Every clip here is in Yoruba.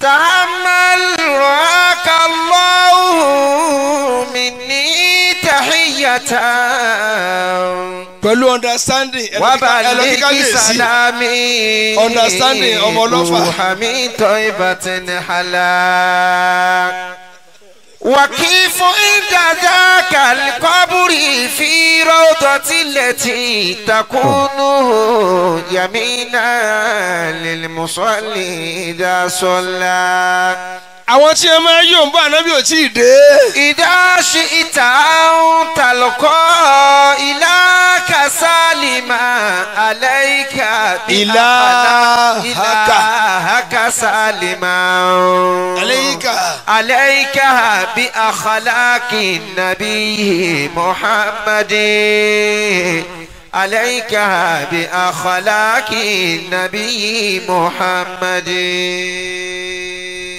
تعمل رعاك الله مني تحية pẹ̀lú understanding ẹlọ́kíkálẹ̀ sí understanding ọmọ muhammed tó ibà tí ní وكيف عند ذاك القبر في روضة التي تكون يمينا للمصلي إذا صلى àwọn tí ẹ máa yóò ń bá ànábì ò tí ì dé. ìdáṣe ìta ń tàlùkọ́ ilá kásálìmà aláìka ilá haka sálìmà. aláìka. aláìka bí akhalaki nabi muhammadin. عليك بأخلاق النبي محمد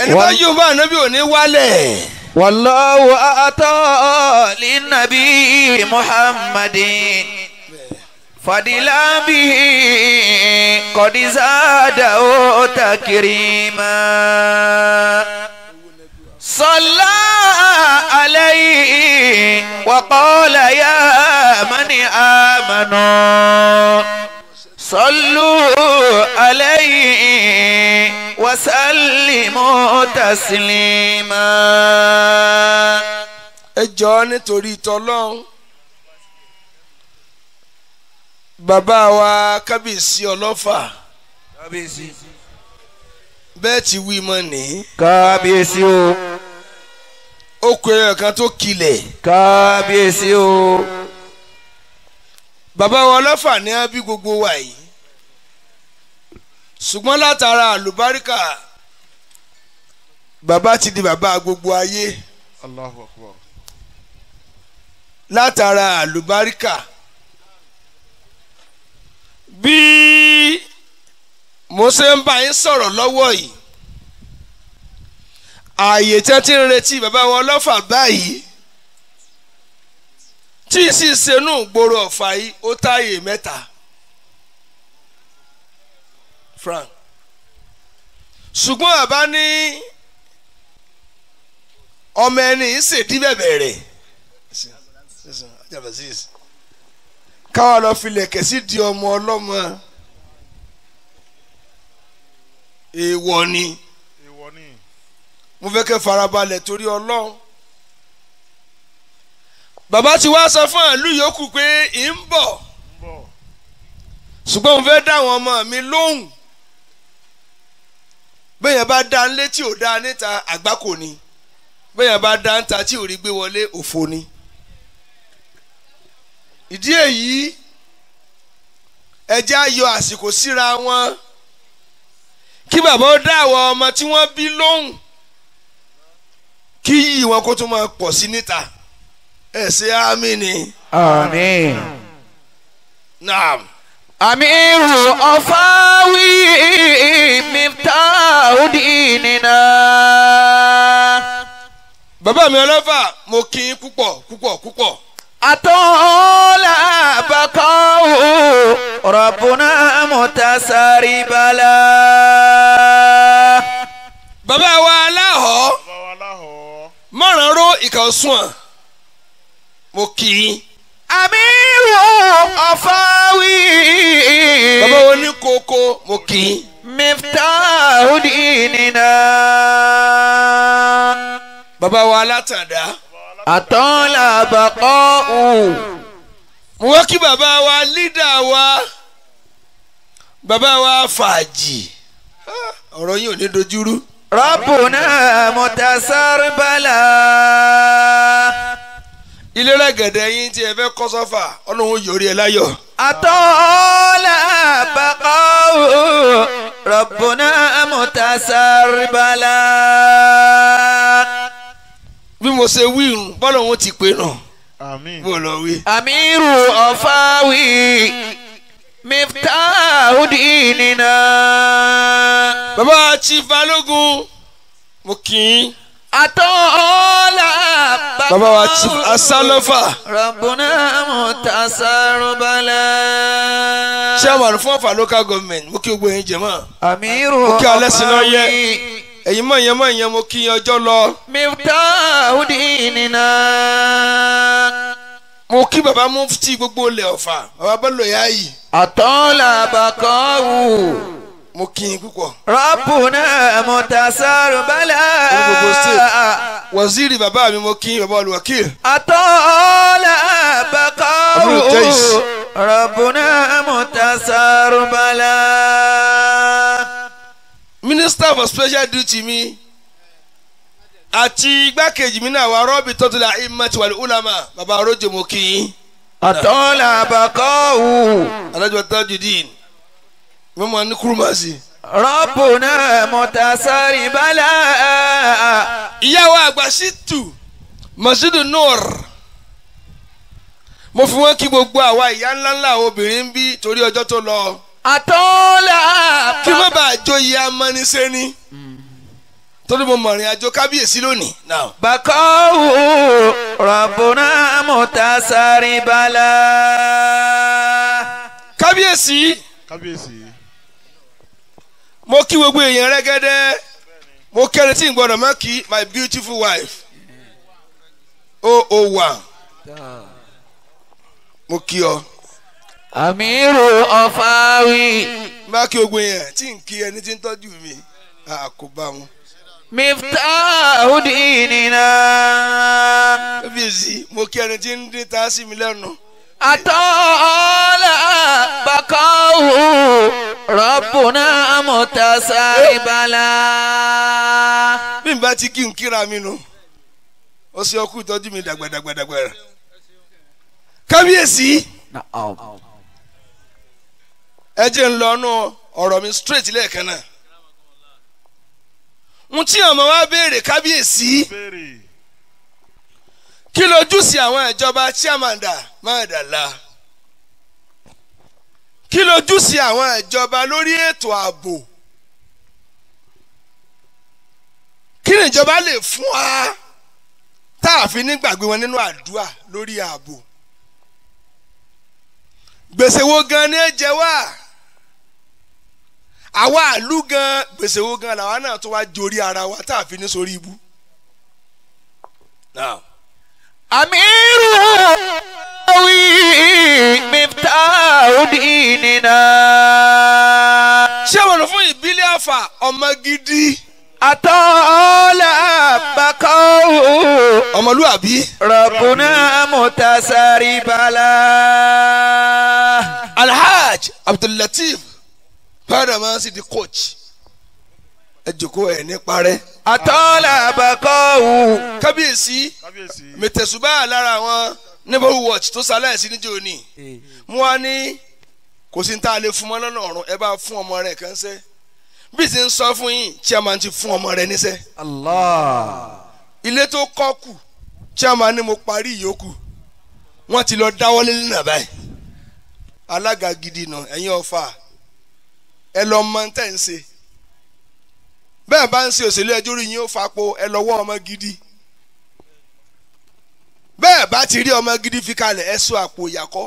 ẹni bá yóò bá ànábì òní wálẹ̀. wallahu ata linnabi muhammadin fadilabi kọdizada o takirima sọlá alayhi wa qala ya mani amanu. صلوا عليه وسلموا تسليما ẹ jọ̀ọ́ nítorí tọlọ́hún bàbá wa kábíyèsí ọlọ́fà kábíyèsí bẹ́ẹ̀ ti wí mọ́ ní. kábíyèsí o. ó kọ ẹyọ kan o bàbá wa ọlọ́fà ní á bí gbogbo wa yìí ṣùgbọ́n látara àlùbáríkà bàbá ti di bàbá gbogbo ayé Allahu Akbar látara àlùbáríkà bí mo ṣe ń bá yín sọ̀rọ̀ lọ́wọ́ yìí ààyè tí wọ́n ti ń retí bàbá wa ọlọ́fà báyìí tí n sì ṣenú gbòòrò ọ̀fà yìí ó táyè mẹ́ta frank ṣùgbọ́n bàbá ní ọmọ ẹni ìṣèdí bẹ̀bẹ̀ rẹ̀ káwa lọ filẹ̀ kẹ̀sí di ọmọ ọlọ́mọ èèwọ̀ ni mo fẹ́ kẹ́ farabalẹ̀ torí ọlọ́run bàbá ti wá sọ fún àlù yòókù pé ì ń bọ̀ ṣùgbọ́n mo fẹ́ dá àwọn ọmọ mi lóhùn bẹ́ẹ̀ bá dá létí ò dá níta àgbákò ni bẹ́ẹ̀ bá dá ń ta tí ò rí gbé wọlé òfo ni ìdí èyí ẹjẹ́ á yọ àsìkò síra wọn kí bàbá ó dá àwọn ọmọ tí wọ́n bí lóhùn kí yìí wọn kó tún máa pọ̀ sí níta. ẹsẹ amini. àmín. naam. amiru ọ̀fáwí miftaudi nina. bàbá mi ọlọ́fà mo kí yín púpọ̀ púpọ̀ púpọ̀. atọ́lá bàkọ́ o rabbuna mutasaribala. bàbá wa aláhọ̀ mọ̀ràn ró ìkànsùn. mo kì í. àmì wo ọ̀fà wí. bàbá oníkókó mo kì í. miftahu dinina. bàbá wa alátàdá. àtọ́lá bàkọ́ ò. mo wá kí bàbá wa lídà wa bàbá wa fàájì ọ̀rọ̀ yìí ò ní dojúrú. rọ́bùnà mọ̀tàsárì bàlá ìlera gẹ̀dẹ̀ yín tí ẹ fẹ́ kọ́ sọ́fà ọlọ́run yòórí ẹ láyọ̀. àtọ́lá bàkọ́wò rọ̀bùnà mùtàsárìbàlà. bí mo ṣe wí irun bọ́lá òun ti pè nà bó lọ wí. àmírù ọ̀fáwì miftaahudi nínà. bàbá chief balógun mo kì í àtọ́ọ́lá bàbá wa asálọ́fà. rọ̀bùnà mùtàsárùbálà. chairman fún Ọ̀fà local government mo kí gbogbo yín jẹ mọ́. àmírù ọ̀fà mi. mo kí alẹ́ sí náà yẹ ẹ̀yin mọ̀ yẹn mọ̀ yẹn mo kí ọjọ́ lọ. miftaahudi nina. mo kí baba mufti gbogbo ilẹ̀ Ọ̀fà baba bá yá yìí. àtọ́ọ́lá bàkọ́ wù mo kí yín púpọ̀. rọ́pùnà mọ̀tàsáró bálá. ní gbogbo state waziri bàbá mi mo kí bàbá olùwàkìl. àtọ́lá bàkọ́rù rọ́pùnà mọ̀tàsáró bálá. minister for special duty mi àti igbákejì mi náà wà rọ́bì tọ́tù la imat ulama bàbá arójò mo kí yín. àtọ́lá bàkọ́rù. alájọ tajudeen wọ́n máa ní Kurumasi. rọ́bùnà mọ̀tàsárì bálá. ìyàwó àgbà Ṣítù Masjidu Nur mo fi wọn kí gbogbo àwa ìyá ńláńlá obìnrin ń bí torí ọjọ́ tó lọ. àtọ́lá. kí wọ́n bá àjòyè amánisẹ́ ni torí mo mọ̀ rìn àjò kábíyèsí lónìí. bàkọ́wò rọ̀bùnà mọ̀tàsárì bálá. kábíyèsí. kábíyèsí mo kí gbogbo èèyàn rẹ́gẹ́dẹ́ mo kẹ́ni tí n gbọ́dọ̀ má kí my beautiful wife o o wà mo kí ọ. àmírù ọ̀fáwì. má kí gbogbo èèyàn tí n kí ẹni tí ń tọ́jú mi kò bá wọn. miftahu dinina. kábíyèsí mo kí ẹni tí ń dín ta sí mi lẹ́nu. àtọ́ ọ̀la bàkọ́ wò. rọpụ mutasaribala. bí n bá ti kí n kíra mi nù ó sì ọkú ìtọ́jú mi dàgbàdàgbàdàgbà kábíyèsí ẹ jẹ́ ń lọ nù ọ̀rọ̀ mi straight lẹ́ẹ̀kan náà n tí ọmọ wa béèrè kábíyèsí kí lójú sí àwọn ìjọba chairman dà máa kí lójúṣe àwọn ìjọba lórí ètò ààbò kí ni ìjọba lè fún wa tá a fi nígbàgbé wọn nínú àdúrà lórí ààbò gbèsè wo gan ni ẹ jẹ wá àwa àlú gan gbèsè wo gan làwa náà tó wá jorí ara wa tá a fi ní sórí ibú. àmì irú miftahu dinina. ṣé wọn lọ fún ìbílẹ̀ àfà ọmọ gidi. àtọ́lá bàkọ́. ọmọlúwàbí. rọ̀kùnà mùtàsárì bala. alhaj abdullateef padà máa ń sì di coach ẹ jòkó ẹ ní parẹ́. àtọ́lá bàkọ́. kábíyèsí mẹtẹ̀sùbá lára wọn neighborhood watch tó ṣaláìsí níjẹ́ òní eh. mo wá ní kò sí ní tá a lè fún ọmọ lọ́nà ọ̀run ẹ bá fún ọmọ rẹ̀ kan ṣe bí ti ń sọ fún yín chairman ti fún ọmọ rẹ̀ níṣẹ́. Allah. ilé tó kọ́ kù chairman ni mo parí ìyókù wọ́n ti lọ dáwọ́lé lẹ́nà báyìí alága gidi nà ẹ̀yin ọ̀fà ẹ lọ mọ tẹ̀ ń ṣe bẹ́ẹ̀ bá ń ṣe òṣèlú ẹjọ́ rí yín ó fapò ẹ lọ́wọ́ ọmọ gidi bẹ́ẹ̀ bá ti rí ọmọ gidi fi kalẹ̀ ẹ sọ àpò ìyàkọ́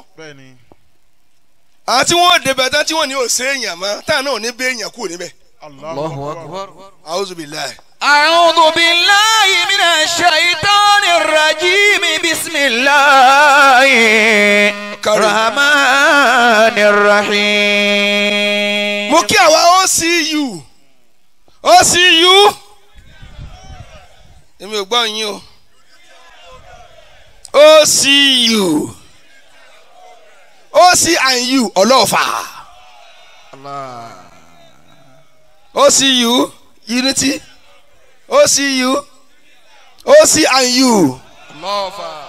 àwọn tí wọ́n débẹ̀ tán tí wọ́n ní òsè èèyàn mọ́ táwọn náà ò ní bẹ́ èèyàn kú níbẹ̀. Allahu akbar. A'udhu billahi. A'udhu billahi minash shaitanir rajim bismillahir rahmanir rahim. Mo kí àwa OCU OCU èmi ò gbọ́ yín o. OCU OCU Ọlọ́ọ̀fà OCU Unity OCU you Ọlọ́ọ̀fà.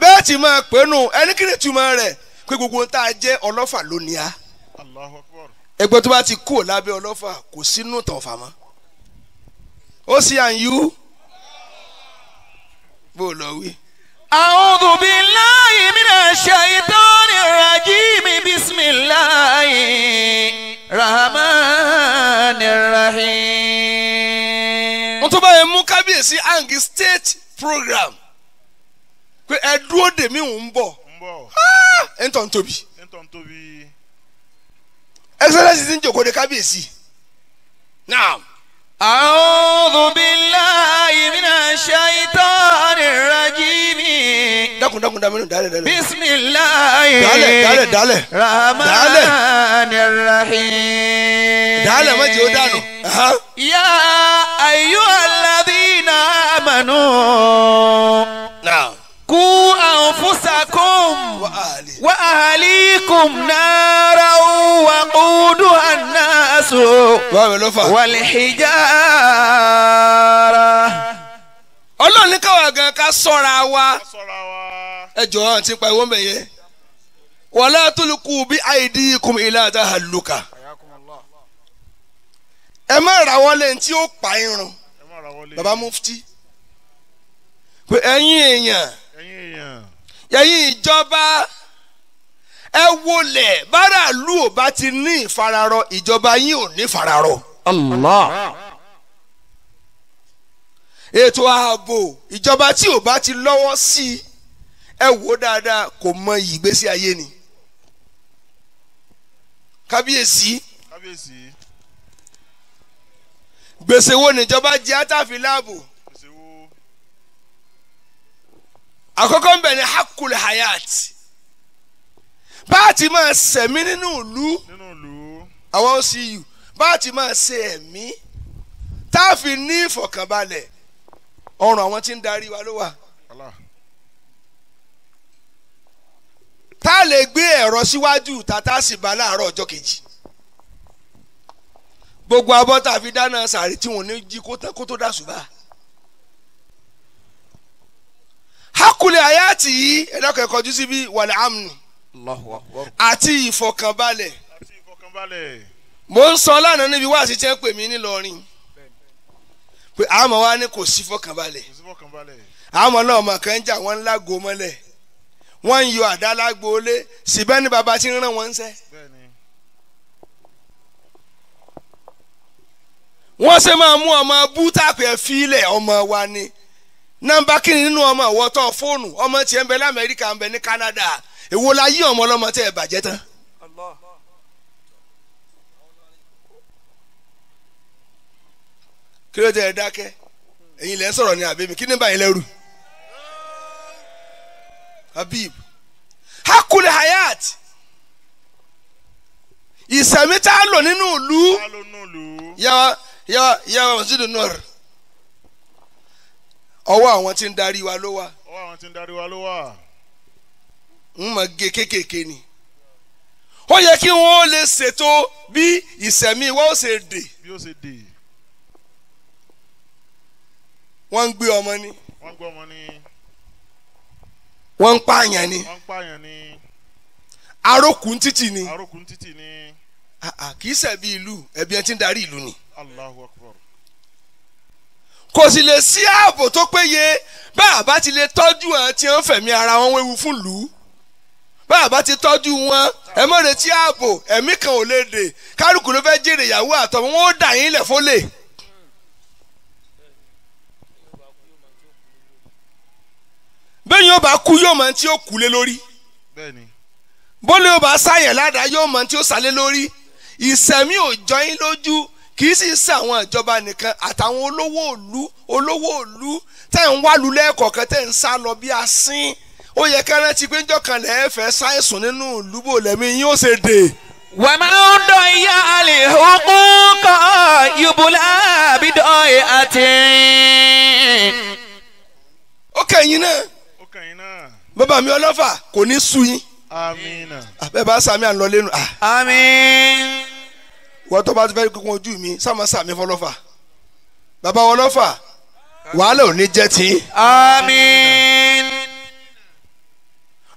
bẹ́ẹ̀ tí máa pè nù ẹni kí ni túmọ̀ rẹ̀ pé gbogbo tá a jẹ́ ọlọ́fà lónìí a. ẹgbẹ́ tó bá ti kú lábẹ́ ọlọ́fà kò sínú tàn mọ́. OC and you. Bó lọ wí. A'udhu billahi minash shaitanir mi bismillahir rahmanir rahim. Wọ́n tún báyìí mú kábíyèsí Angi state program pé ẹ dúró dè mí ń bọ̀. Ẹ ń ah, tọ́ ń tóbi. Ẹ ń tọ́ ń tóbi. Excellence ti ń jòkó de kábíyèsí. Naam. A'udhu billahi minash shaitanir rajim. dákun dákun dá mi nù dálẹ̀ dálẹ̀. bisimilayi. dálẹ̀ dálẹ̀ dálẹ̀. rahmani rahim. dálẹ̀ má jẹ́ o dànù. ya ayyuhal ladhina amanu. ku anfusakum. wa ahlikum nara wa quduha an-nas. الناس والحجارة ọlọ́run ní káwọn sọ́ra wa ẹ jọ̀ọ́ pa ìwọ́n mẹ́yẹ wala tulku bi ẹ má rawọ́ lẹ́yìn tí ó pa irun baba mufti pé ẹ̀yin èèyàn ẹ̀yin ìjọba. ẹ wọlé báràlú ò bá ti ní ìfararọ ìjọba yín ò ní ìfararọ. Allah. ètò ààbò ìjọba tí ò bá ti lọ́wọ́ sí i ẹ wò dáadáa kò mọ ìgbésí ayé ni. kábíyèsí. gbèsè wo níjọba jẹ́ àtàfi láàbò. àkọ́kọ́ ń bẹ̀ ní hakul hayat báàtì máa sẹ̀mí nínú ìlú àwọn ocu báàtì máa ṣe ẹ̀mí tá a fi ní ìfọ̀kànbalẹ̀ ọrùn àwọn tí ń darí wa ló wà. tá lè gbé ẹ̀rọ síwájú tata sì bá láàárọ̀ ọjọ́ kejì gbogbo abọ́ tá a fi dáná sàárì tí wọ́n ní jí kó tó dà ṣùgbọ́n. hakule ayati yìí ẹ̀dá kan kọjú síbi wàlẹ̀ amni. àti ìfọkànbalẹ̀ mo ń sọ lánàá níbi wáàsí tí wọ́n pè mí nílọrin pé àmọ́ wa ni kò sí fọkànbalẹ̀ àmọ́ náà ọmọ kan ń jà wọ́n ń lágò mọ́lẹ̀ wọ́n ń yọ àdá lágboolé síbẹ̀ ni bàbá ti ń rán wọn ń wọ́n ṣe máa mú ọmọ bútàpì fílẹ̀ ọmọ wa ni nọ́mbà kìíní nínú ọmọ ìwọ́tọ̀ fóònù ọmọ tiẹ̀ ń bẹ lamẹ́ríkà ń bẹ ní èwo la yí ọmọ ẹ bàjẹ́ tán. kí ló dé ẹ dákẹ́ ẹ̀yin lẹ́ sọ̀rọ̀ ní kí ni báyìí lẹ́rù. habib hakul hayat ìsẹ̀mí tá a lò nínú ìlú yàwá yàwá yàwá masjid ọwọ́ àwọn ń mọ ge kéékèèké ni ó yẹ kí wọn ó lè ṣètò bí ìsẹ̀mí wa ó ṣe dè wọ́n ń gbé ọmọ ni wọ́n ń pààyàn ni arókùn títì ni kì í ṣẹ̀bi ìlú ẹ̀bi ẹ̀ tí ń darí ìlú ni kò sì lè sí ààbò tó péye bá a bá ti lè tọ́jú ẹ̀ tí ń fẹ̀mí ara wọn wéwu fún lùú bàbá ti tọ́jú wọn ẹ mọ̀ retí ààbò ẹ̀mí kan ò lè dè kálukú ló fẹ́ jèrè ìyàwó àtọmọ wọn ó dà yín lẹ̀ fólè. bẹ́ẹ̀ni ó bá kú yóò mọ tí ó kú lé lórí bólú ó bá sáyẹ̀ ládàá yóò mọ tí ó sálé lórí ìsẹ̀mí ò jọyín lójú kì í sì sí àwọn ìjọba nìkan àtàwọn olówó òlu olówó òlu tẹ̀ ń wálu lẹ́ẹ̀kọ̀ọ̀kan tẹ̀ ń sá lọ bí asín ó yẹ ká rántí pé njọ́ kan lẹ́ẹ̀ fẹ́ ṣàìsùn nínú ìlúbò lẹ́mí yín ó ṣe dè. wà á máa ń dọ̀ ìyá àlè òkú kọ́ yubula àbídọ́ àti. ó kẹ́yìn náà bàbá mi ọlọ́fà kò ní sú yín. àmín. bẹ́ẹ̀ bá sàmì à ń lọ lẹ́nu. àmín. wọ́n tó bá fẹ́ kún ojú mi sáà sàmì fọlọ́fà bàbá ọlọ́fà wàhálà ò ní jẹ́ tí. àmín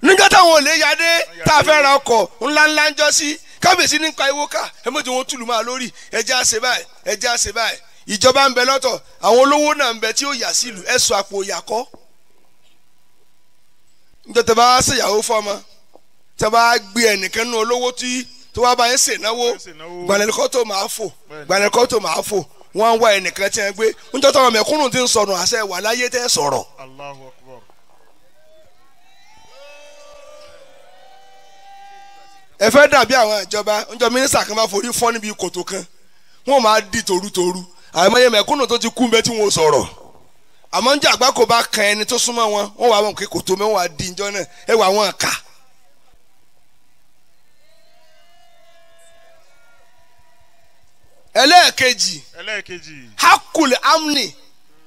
nígbà táwọn olè yadé tá a fẹ́ ra ọkọ̀ ńláńlá ń jọ sí kábíyèsí ní ka ewo ká ẹ mọ̀jọ wọn túlù máa lórí ẹjẹ́ àṣẹ báyìí ẹjẹ́ àṣẹ báyìí ìjọba ń bẹ lọ́tọ̀ àwọn olówó náà ń bẹ tí ó yà sí ìlú ẹ̀sùn àpò ìyàkọ́ nítorí bá ṣèyàwó fọmọ tí a bá gbé ẹnìkan nú olówó tí tó wá bá yẹn ṣènáwó gbanilkọ́ tó máa fò gbanilkọ́ tó máa fò wọ́n á wá ẹnìkan tí wọ́n gbé nítorí táwọn mẹ̀kúnnù ti ń sọnù àṣẹ wà láyé tẹ́ sọ̀rọ̀ ẹ fẹ́ dàbí àwọn ìjọba níjọ mínísítà kan bá forí fọ́ níbi kòtò kan wọ́n máa di torutoru àìmọye mẹ̀kúnnù tó ti kú bẹ́ẹ̀ tí wọ́n sọ̀rọ̀ àmọ́ ń jẹ́ àgbákò bá kan ẹni tó súnmọ́ wọn wọ́n wà wọn kò kòtò mẹ́wọ́n wà di ìjọ náà ẹ wà wọn kà. ẹlẹ́ẹ̀kejì ẹlẹ́ẹ̀kejì hakul amni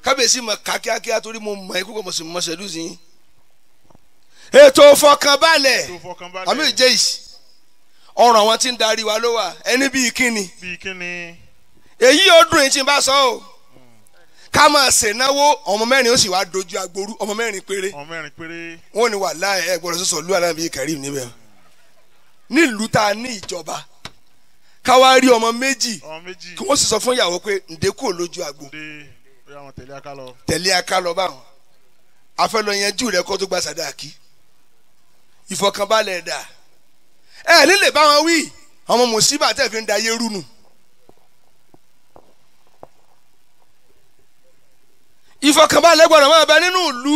kábíyèsí mọ̀ ká kíákíá torí mo mọ̀ ikú kọ́ mọ̀ sí mọ̀ sẹ́dúsìn ètò ìfọkànbalẹ̀ àmì ìjẹ́yìí. ọrùn àwọn tí ń darí wa ló wà ẹni bíi kíni. bíi kíni. èyí yóò dùn èyí n bá sọ o ká máa ṣe náwó ọmọ mẹ́rin ó sì wá dojú agboru ọmọ mẹ́rin péré. ọmọ mẹ́rin péré. wọn ò ní wà láì ẹ gbọ́dọ̀ sọsọ lu alábi nílùú ní ìjọba ọmọ méjì kí wọ́n sì sọ fún ìyàwó pé ǹdẹ́ kò lójú agbo lọ ẹ nílè bá wọn wí ọmọ mùsíbà tẹ̀ fi ń da yérú nù. ìfọkànbalẹ̀ gbọ́dọ̀ máa bẹ nínú ìlú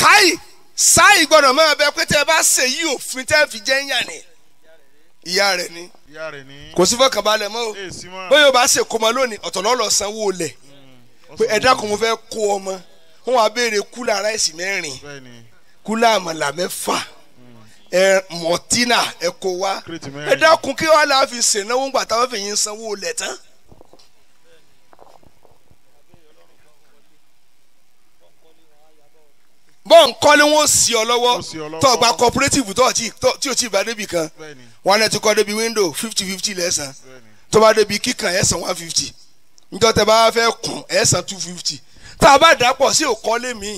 káì sáì gbọ́dọ̀ máa bẹ pé tẹ́ bá ṣèyí òfin tẹ́ fi jẹ́ ń ni ìyá rẹ̀ ni kò sí fọkànbalẹ̀ mọ́ o bóyá o bá ṣe kó ọmọ lónìí ọ̀tọ̀ lọ́lọ́ sanwó lẹ̀ mm. pé ẹ dákun mo fẹ́ kó ọmọ wọn wá béèrè kúlà ráìsì mẹ́rin kúlà àmàlà mẹ́fà ẹ mọ̀tínà ẹ kó wá ẹ dákun kí wàá láàfin ṣènáwó ńgbà táwọn fi yín sanwó lẹ̀ tán. bọ́ọ̀ nkọ́lé wọn sì ọ lọ́wọ́ tó ọgbà cooperative tó tí o ti bá débi kan wọn ẹ ti kọ́ débi window fifty fifty lẹ́sàn tó bá débi kíkan ẹ̀sán one fifty njọ́ tẹ bá fẹ́ kùn ẹ̀sán two fifty tá a bá dàpọ̀ sí òkọ́lé mi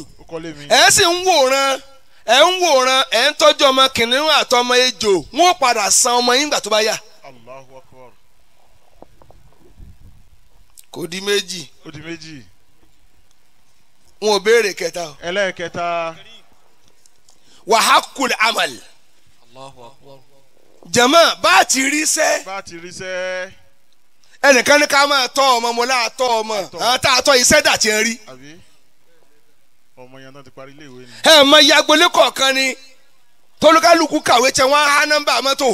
ẹ̀ sì ń wòran ẹ̀ ń wòran ẹ̀ ń tọ́jú ọmọ kìnìún àtọmọ ejò wọ́n padà san ọmọ yín gbà tó bá yà. Allahu Akbar. kò di méjì. kò di méjì. wọn ò béèrè kẹta. ẹlẹ́ẹ̀kẹta. wàhákùl amal. Allahu Akbar. jama bá a ti rí sẹ́. bá a ti rí sẹ́. ẹnìkan ní ká máa tọ́ ọmọ mo láà tọ́ ọmọ àwọn tá a tọ́ iṣẹ́ dà ti ń rí ọmọ yẹn náà ti parí ilé ìwé ni. ẹ mọ iye agboolé kọ̀ọ̀kan ni tolúkálùkù kàwé tẹ wọ́n á há nọ́mbà mọ́tò.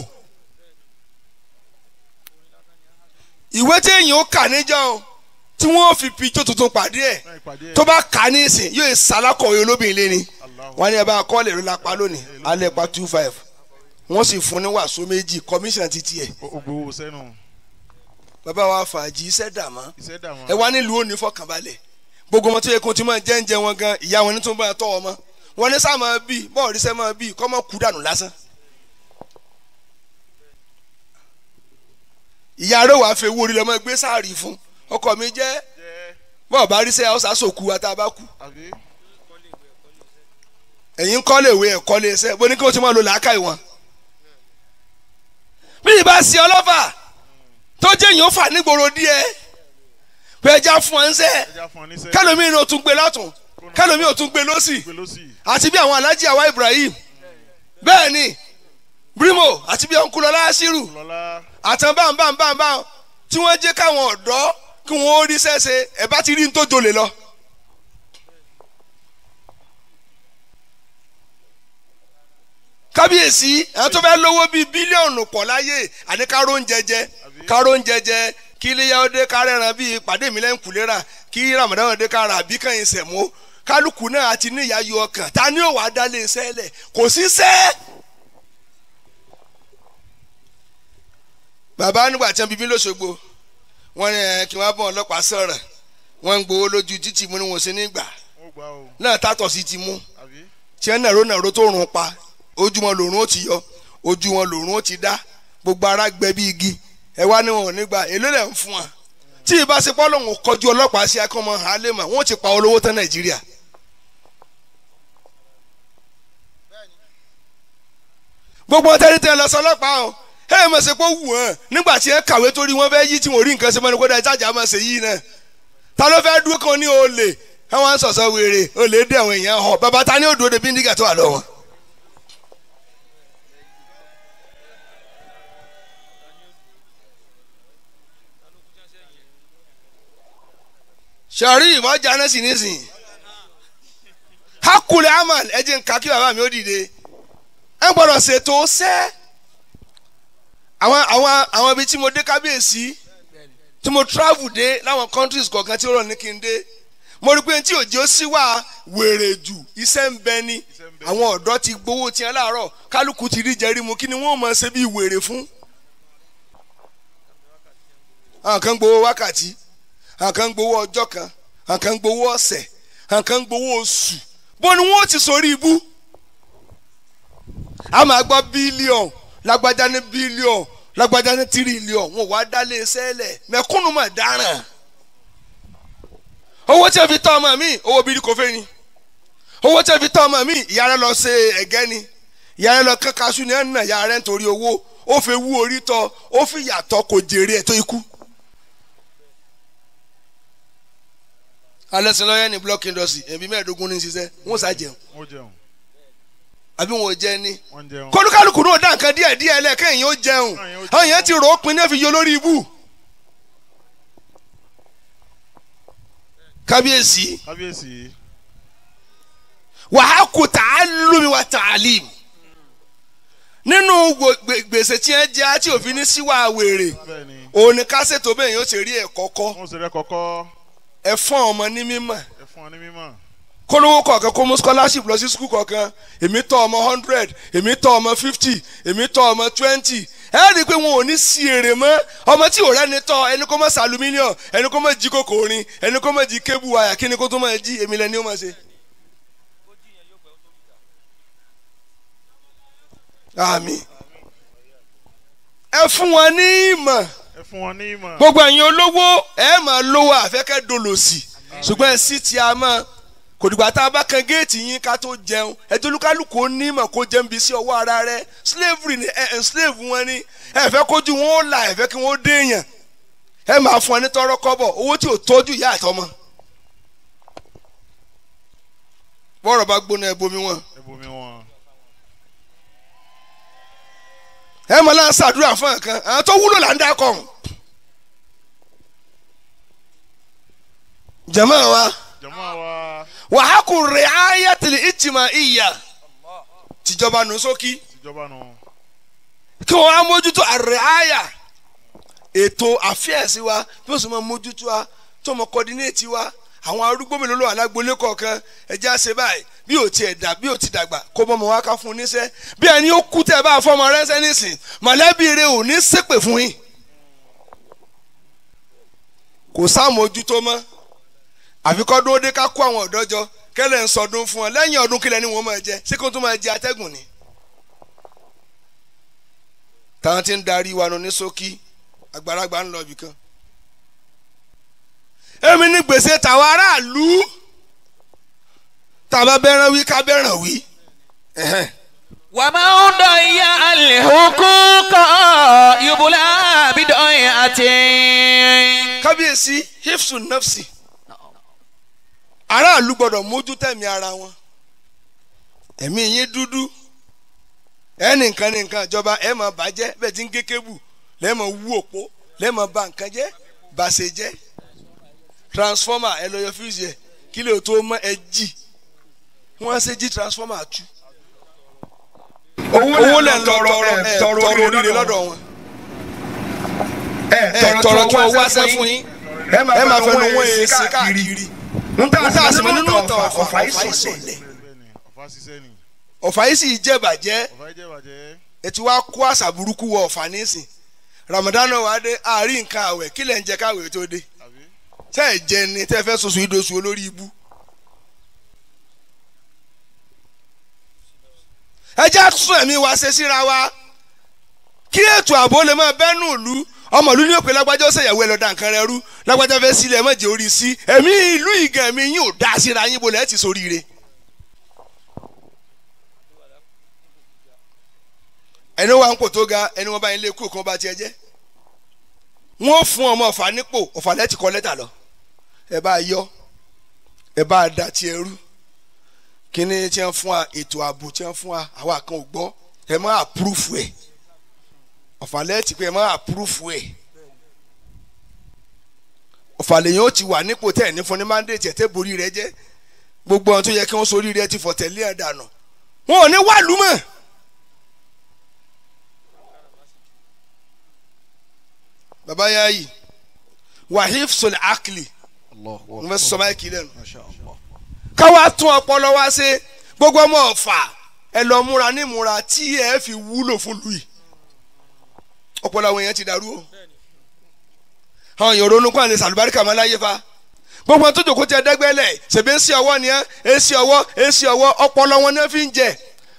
ìwé tí èyàn ó kà níjọ́ tí wọ́n fi pijó tuntun pàdé ẹ̀ tó bá kà ní ìsìn yóò ṣe sálákọ̀wé olóbìnrin lé ni wọ́n ní ẹ bá ló lápá lónìí alẹ́ pa two five wọ́n sì fún ní wàásù méjì kọmíṣánná ti tiẹ̀. bàbá wa fàájì iṣẹ́ dàmọ́ ẹ wá nílùú òní fọkànbalẹ̀. gbogbo ọmọ tó yẹ kó ti máa jẹ́ ń wọn gan ìyá wọn ní tó ń bá tọ́ ọmọ wọn ní sáà máa bí bọ́ọ̀lù sẹ́ máa bí kọ́ máa kú dànù lásán. ìyá rẹ̀ wàá fẹ́ wó orí lọ́mọ gbé sáàrì fún ọkọ mi jẹ́ bọ́ọ̀ bá rí sẹ́ ọ̀sà sòkú wa tá a bá kú. ẹ̀yin kọ́lé ìwé ẹ̀kọ́lé iṣẹ́ bó ní kí wọ́n ti máa lo làákà ìwọ̀n. bí ìbá sí ọlọ́fà tó jẹ́ èèyàn nígboro díẹ̀ pé ẹja fún ọ níṣẹ́ kẹlòmíì ni o tún gbé lọ́tún kẹlòmíì o tún gbé lọ́sì àti bí àwọn alájí àwa Ibrahim bẹ́ẹ̀ ni brimo àti bí ọkùnlọ́lá asiru àtàn báńbáńbáńbáń tí wọ́n jẹ́ káwọn ọ̀dọ́ kí wọ́n rí sẹ́sẹ́ ẹ̀ bá ti rí ní tó dolè lọ. kábíyèsí àwọn tó fẹ́ lówó bíi bílíọ̀nù pọ̀ láyé àní káró ń jẹjẹ káró ń jẹjẹ kí iléyà ó dé kárẹ̀ràn bíi pàdé mi lẹ́yìn kùlérà kí ramadan ó dé kára àbí kẹ́yìn sẹ̀mó kálukú náà àti níyàyò ọkàn ta ni ó wàá dálé iṣẹ́ lẹ̀ kò sí sẹ́. bàbá nígbà tí wọn bíbí lọ́sọ̀gbọ̀ wọn ni kí wọn bọ̀ ọlọ́pàá sọ̀rọ̀ wọn ń gbowó lójú títì mú ni wọn ò sí nígbà náà tàtọ̀ sí ti mú tí wọn nàró nàró tó rùn pa ojú wọn lòrùn ó ti yọ ojú wọn lòrùn ó ti dá gbogbo ara gbẹ bí igi ẹ wá ní wọn ò ní gbà èló lẹ̀ ń fún wa tí ìbá ṣe pọ́ lòun kọjú ọlọ́pàá sí akọ́mọ alẹ́mà wọ́n ti pa olówó tán nàìjíríà. gbogbo ọtẹ́rì tẹ lọ sọ ọlọ́pàá o ẹ ẹ mọ̀ ṣe pé wù wọ́n nígbà tí ẹ kàwé torí wọ́n fẹ́ yí tí wọ́n rí nǹkan ṣe mọ́ni kó dá ìtajà máa ṣe yí náà ta ló fẹ́ dúró kan ní olè ẹ wọ́n á sọ̀sọ̀ wèrè olè dẹ̀ wọ̀nyẹn hàn bàbá ta ni ó dúró de bíndígà tó wà lọ́wọ́. sọ̀rí ìwọ́n jáná sí ha hakulẹ̀ aman ẹ nǹkan kí baba mi ó dìde ẹ gbọ́dọ̀ ṣètò sẹ́ àwọn àwọn àwọn ibi tí mo dé kábíyèsí mo travel dé láwọn countries kọ̀ọ̀kan tí ó rọ̀ ní kí n dé mo rí pé tí òjò sí wà wèrè jù iṣẹ́ ni àwọn ọ̀dọ́ ti gbowó tiẹ̀ láàárọ̀ kálukú ti rí jẹrí mu kí ni wọ́n máa ṣe bí wèrè fún. àwọn kan àwọn kan ń gbowó ọjọ́ kan àwọn kan ń gbowó ọ̀sẹ̀ àwọn kan ń gbowó oṣù bó ni wọ́n ti sórí ibú a máa gbọ́ bílíọ̀n lágbájá ní bílíọ̀n lágbájá ní tírílíọ̀n wọn wá dálé sẹ́lẹ̀ mẹ́kúnnù mà dáràn owó tí a fi tọ́ ọmọ mi owó bíi kò fẹ́ ni owó tí a fi tọ́ ọmọ mi ìyá rẹ lọ ṣe ẹ̀gẹ́ ni ìyá rẹ lọ kán kaṣú ni ẹ̀ ń nà ìyá rẹ nítorí owó ó fi wú orí tọ ó fi yàtọ̀ kò jèrè ẹ̀ tó ikú alẹ́sìnlọ́yẹ́ ní block industry ẹ̀bí mẹ́ẹ̀ẹ́dógún ní ṣiṣẹ́ wọ́n sá jẹun àbí wọn ò jẹ ni kọ́lùkálùkù náà dá nǹkan díẹ̀ díẹ̀ lẹ́ẹ̀kẹ́ èèyàn ó jẹun àwọn èèyàn ti rò ó pin náà fi yọ lórí ibù. kábíyèsí wàá kù tààlùmí wa tààlìm nínú gbèsè tí ẹ jẹ́ àti òfin ní síwá wèrè òun ni ká ṣètò bẹ́ẹ̀ yóò ṣe rí ẹ̀kọ́ kọ́ ẹ fún ọmọ ní mímọ̀ kólówó kọ̀ọ̀kan kó mú scholarship lọ sí skul kọ̀ọ̀kan èmi tọ́ ọmọ hundred èmi tọ́ ọmọ fifty èmi tọ́ ọmọ twenty ẹ rí i pé wọn ò ní sí èrè mọ́ ọmọ tí ò rẹ́ni tọ́ ẹni kó mọ̀ sí aluminium ẹni kó mọ̀ jí kòkò orin ẹni kó mọ̀ jí kébù wáyà kí ni kó tó mọ̀ jí èmi lẹ́ni ó mọ̀ ṣe. ẹ fún wọn ní ìmọ̀ gbogbo ẹ̀yin olówó ẹ máa lówó àfẹ́kẹ́ dolòsì ṣùgbọ́n ẹ sì ti a mọ́ kò dìgbà tá a bá kan géètì yín ká tó jẹun ẹjọ́ olúkálùkù ó kó jẹun bí sí ọwọ́ ara rẹ slavery ni ẹ ẹ slave wọn ni ẹ fẹ́ kójú wọn ó là ẹ fẹ́ kí wọ́n ó déèyàn ẹ máa fún ẹ ní tọrọ kọ́bọ̀ owó tí ò tọ́jú ìyá àtọmọ. bọ́ọ̀rọ̀ bá gbóná ẹ bomi wọn. ẹ mọ̀ láǹṣàdúrà fún ẹ̀kan àwọn tó wúlò là ń dákọ̀ Jamawa, wa wa haku ri'ayatil ijtima'iyya tìjọba nù sókí kí wọn á mójútó àrẹ̀áyà ètò àfíẹ̀sí wa bí wọ́n sì máa mójútó wa tó mọ kọ́dínéètì wa àwọn arúgbó mélòó ló wà lágbolé kọ̀ọ̀kan ẹjẹ́ àṣẹ báyìí bí ò tiẹ̀ dà bí ò ti dàgbà kó bọ́ ọmọ wa ká fún un bí ẹni ó kú tẹ́ bá fọmọ rẹ nísìn mọ̀lẹ́bí rẹ ò ní ṣépè fún yín kò sáà mójútó mọ́ àfi kọ́ dúró dé ká kó àwọn ọ̀dọ́ jọ kẹ́lẹ̀ ń sọdún fún ọ lẹ́yìn ọdún kílẹ̀ ni wọ́n máa jẹ ṣé kó tún máa jẹ atẹ́gùn ni. táwọn ti ń darí wa nù ní ṣókí àgbàlagbà ń lọ ibì kan. èmi ní gbèsè tàwọn aráàlú tàbá bẹ́ràn wí ká bẹ́ràn wí. wà á máa ń dọ̀ ìyá òkun kan yubula bídọ̀ àti. kábíyèsí hifsun nafsi aráàlú gbọ́dọ̀ mójú tẹ̀mí ara wọn ẹ̀mí yín dúdú ẹnì nǹkan ní nǹkan ìjọba ẹ máa bàjẹ́ bẹ́ẹ̀ ti ń gé kébù lẹ́ẹ̀mọ wú òpó lẹ́ẹ̀mọ bà nǹkan jẹ́ bàṣẹ jẹ́ transformer ẹ lọ yọ fíìsì ẹ kí lè tó mọ ẹ jì wọ́n ṣe jí transformer tú owó lẹ̀ tọrọ ẹ tọrọ oríire lọ́dọ̀ wọn ẹ tọrọ tí wọ́n wá sẹ́ fún yín ẹ máa fẹ́ nu wọ́n èsì káàkiri. ntaasi mo nínú ọ̀tọ̀ ọ̀fà yìí sì ṣe ọ̀fà yìí sì jẹ́ bàjẹ́ ètò wa kó àṣà burúkú wọ ọ̀fà Ramadan wa dé àárín nǹkan àwẹ̀ kí lẹ̀ ń jẹ káwé tó dé tẹ́ ẹ̀ jẹ ni tẹ́ fẹ́ soso idosu olórí ibu ẹ jẹ́ àtúntò ẹ̀mí wa ṣe síra wa kí ètò ààbò lè máa bẹ́nu ọmọ ìlú ní òpè lágbájá ó ṣèyàwó ẹ lọ́dà nǹkan rẹ rú lágbájá fẹ́ sílẹ̀ ẹ mọ̀jẹ̀ orí sí ẹ̀mí ìlú ìgàn mi yín ò dá síra yín bolẹ̀ ẹ̀ ti soríire. ẹni wa ń kò tó ga ẹni wọn bá yín lé kú kan bá tiẹ̀ jẹ́ wọ́n fún ọmọ ọ̀fà nípò ọ̀fà lẹ́tì kọ́ lẹ́tà lọ ẹ bá yọ ẹ bá da tiẹ̀ rú kíní tí wọ́n fún wa ètò ààbò tí wọ́n fún wa àwa kan ò gbọ́ ẹ má àpúrúfù ẹ̀ ọ̀fàlẹ́ẹ̀tì pé ẹ máa àpúrúfù ẹ̀ ọ̀fàlẹ́yìn ó ti wà nípò tẹ̀ ní fún ní mandate ẹ̀ tẹ́ borí rẹ jẹ́ gbogbo ohun tó yẹ kí wọ́n sọ rẹ ti fọ̀tẹ̀lé ẹ̀ dànù wọn ò ní wàlú mọ́. baba yà yìí wahif sọlẹ akili n bẹ sọmọ ẹ kì í lẹ́nu káwa tún ọpọlọ wa ṣe gbogbo ọmọ ọfà ẹ lọ múra ní múra fi wúlò fún lu yìí ọpọlọ àwọn èèyàn ti dàrú o àwọn èèyàn ronú pàǹdé sàlùbáríkà máa láyé fa gbogbo àwọn tó jòkó tí ẹ dẹ́gbẹ́lẹ̀ ṣèbí ń sí ọwọ́ ni ẹ ń sí ọwọ́ ń sí ọwọ́ ọpọlọ wọn náà fi ń jẹ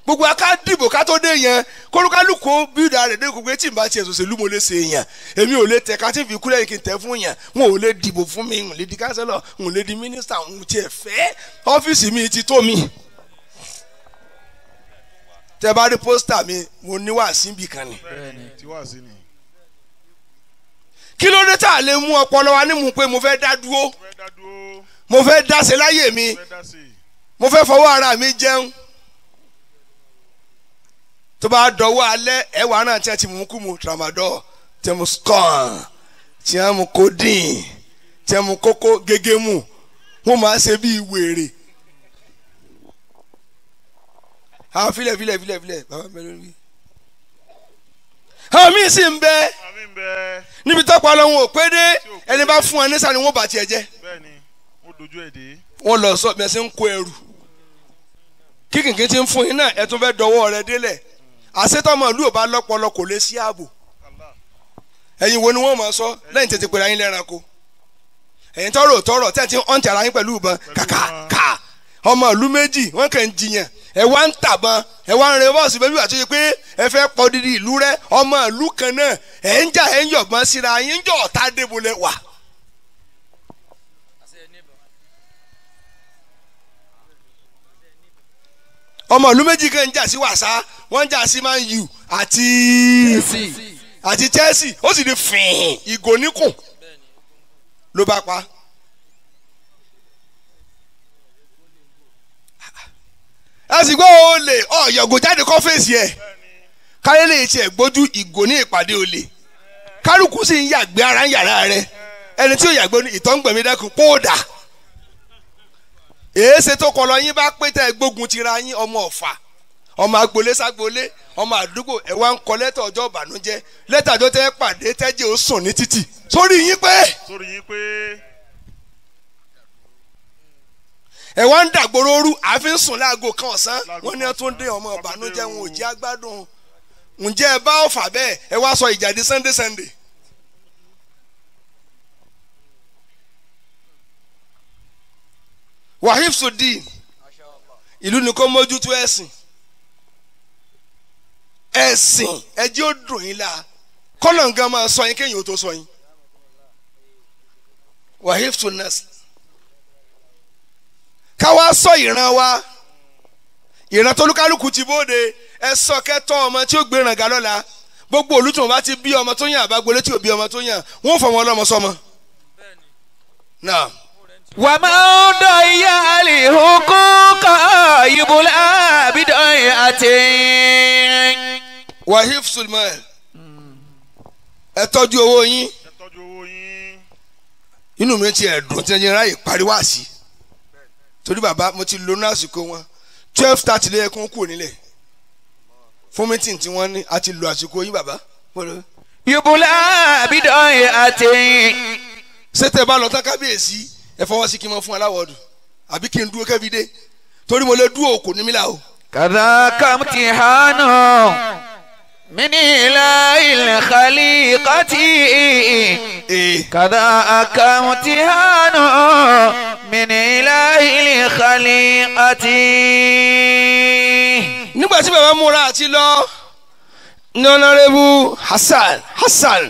gbogbo aká dìbò ká tó dé yẹn kórókálùkù bíúdà rẹ̀ dé gbogbo etí ìbá tiẹ̀ sòṣèlú mo ṣe èèyàn èmi ò lè tẹ̀ ká tí fi kúlẹ̀ kí n tẹ̀ fún yẹn n ò lè dìbò fún mi n ò lè di kánsẹ́lọ̀ n ò lè di mínísítà n ò tiẹ̀ fẹ́ ọ́fíìsì mi ti tó mi tẹ bá rí pósítà mi mo ní wàásí bì kan ni. kí ló dé tá a lè mú ọpọlọ wa ní mu pé mo fẹ́ dá dúró mo fẹ́ dá se láyé mi mo fẹ́ fọwọ́ ara mi jẹun tó bá dọwọ́ alẹ́ ẹ̀wà náà tí a ti mú kú mu tramadol tí a mú scorn tí a mú codeine tí a mú kókó gégé mu wọ́n máa ṣe bí wèrè ha filẹ filẹ filẹ filẹ baba mi lórí. àmì sì ń bẹ níbi tọ́pọ̀ ọlọ́run fún ẹ ní sani wọn bá tiẹ̀ wọn lọ sọ bẹ́ẹ̀ ń kó ẹrù ti ń fún yín náà ẹ tún fẹ́ dọwọ́ rẹ délẹ̀ bá lọ́pọlọ kò sí ààbò ẹ̀yin wo ni wọ́n máa sọ lẹ́yìn tètè pèrè ayín lẹ́ranko ẹ̀yin tọrọ tọrọ tẹ́tí ara yín pẹ̀lú ìbọn kàkà ọmọ ìlú méjì wọ́n kàn ẹ wá ń tàbọn ẹ wá ń rẹ bọ́ọ̀sì bẹ́ẹ̀ bí wàá tó yẹ pé ẹ fẹ́ pọ̀ didi ìlú rẹ ọmọ ìlú kan náà ẹ ń jà ẹ ń yọ̀gbọ́n síra yín jọ ọ̀tá débo lẹ wà. ọmọ ìlú méjì kan ń jà sí wàsá wọ́n ń jà sí man u àti àti Chelsea ó sì di fìhìn ìgò níkùn ló bá pa. lásìkò olè ọ̀yọ̀gò jáde kọ́ fèsì ẹ̀ káyé lè tiẹ̀ gbójú ìgò ní ìpàdé olè kálukú sì ń yàgbé ara ń yàrá rẹ ẹni tí ò yàgbé ìtọ́ngbẹ̀mí dẹ́kun póòdà èéṣe tó kọ lọ yín bá pé tẹ́ gbógun tira yín ọmọ ọ̀fà ọmọ agboolé ságboolé ọmọ àdúgbò ẹ wá ń kọ lẹ́tà ọjọ́ ìbànújẹ́ lẹ́tà tó tẹ́ pàdé tẹ́jẹ́ ó sùn ní títì sórí yín pé. sórí yín pé ẹ wá ń dàgbòrò ooru àfi ń sùn láago kan ọ̀sán wọ́n ní wọ́n tún dé ọmọ ìbànújẹ́ wọn ò jẹ́ agbádùn ǹjẹ́ ẹ bá ọ̀fà bẹ́ẹ̀ ẹ wá sọ ìjà sunday sunday. wahif sudin ìlú ni kò mójútó ẹ̀sìn ẹ̀sìn ẹjẹ́ ó dùn yín la kọ́lọ̀ nǹkan máa sọ yín kéèyàn ó tó sọ yín wahif sunas ká wá sọ ìran wa ìran tó lúkálùkù ti bóde ẹ sọ kẹtọ ọmọ tí ó gbéran ga lọ́la gbogbo olùtún bá ti bí ọmọ tó yàn àbágbélé tí ò bí ọmọ tó yàn wọn fọmọ ọlọmọ sọmọ. wà á máa ń dọ̀ ìyá àlè hukú kọ́ ìbúlẹ̀ àbídọ́yìn àti. wahif sulman ẹ tọ́jú owó yín inú mi ti ẹ̀ dùn tí ẹ yẹn ráyè pariwo àsì torí baba mo ti lónú àsìkò wọn twelve thirty lé ẹkún kù nílẹ̀ fún mítìn tí wọ́n ní a ti lo àsìkò yín bàbá. yubula abidoye ati. ṣé tẹ bá lọ tán kábíyèsí ẹ fọwọ́ sí kí n mọ fún aláwọ̀dù àbí kí n dúró kẹ́bi dé torí mo lè dúró kò ní o. kàdákàmù ti hànú. من إله الخليقة كذا كامتهان من إله الخليقة nígbà tí bàbá múra àti lọ ní ọ̀nàrẹ́bù Hassan Hassan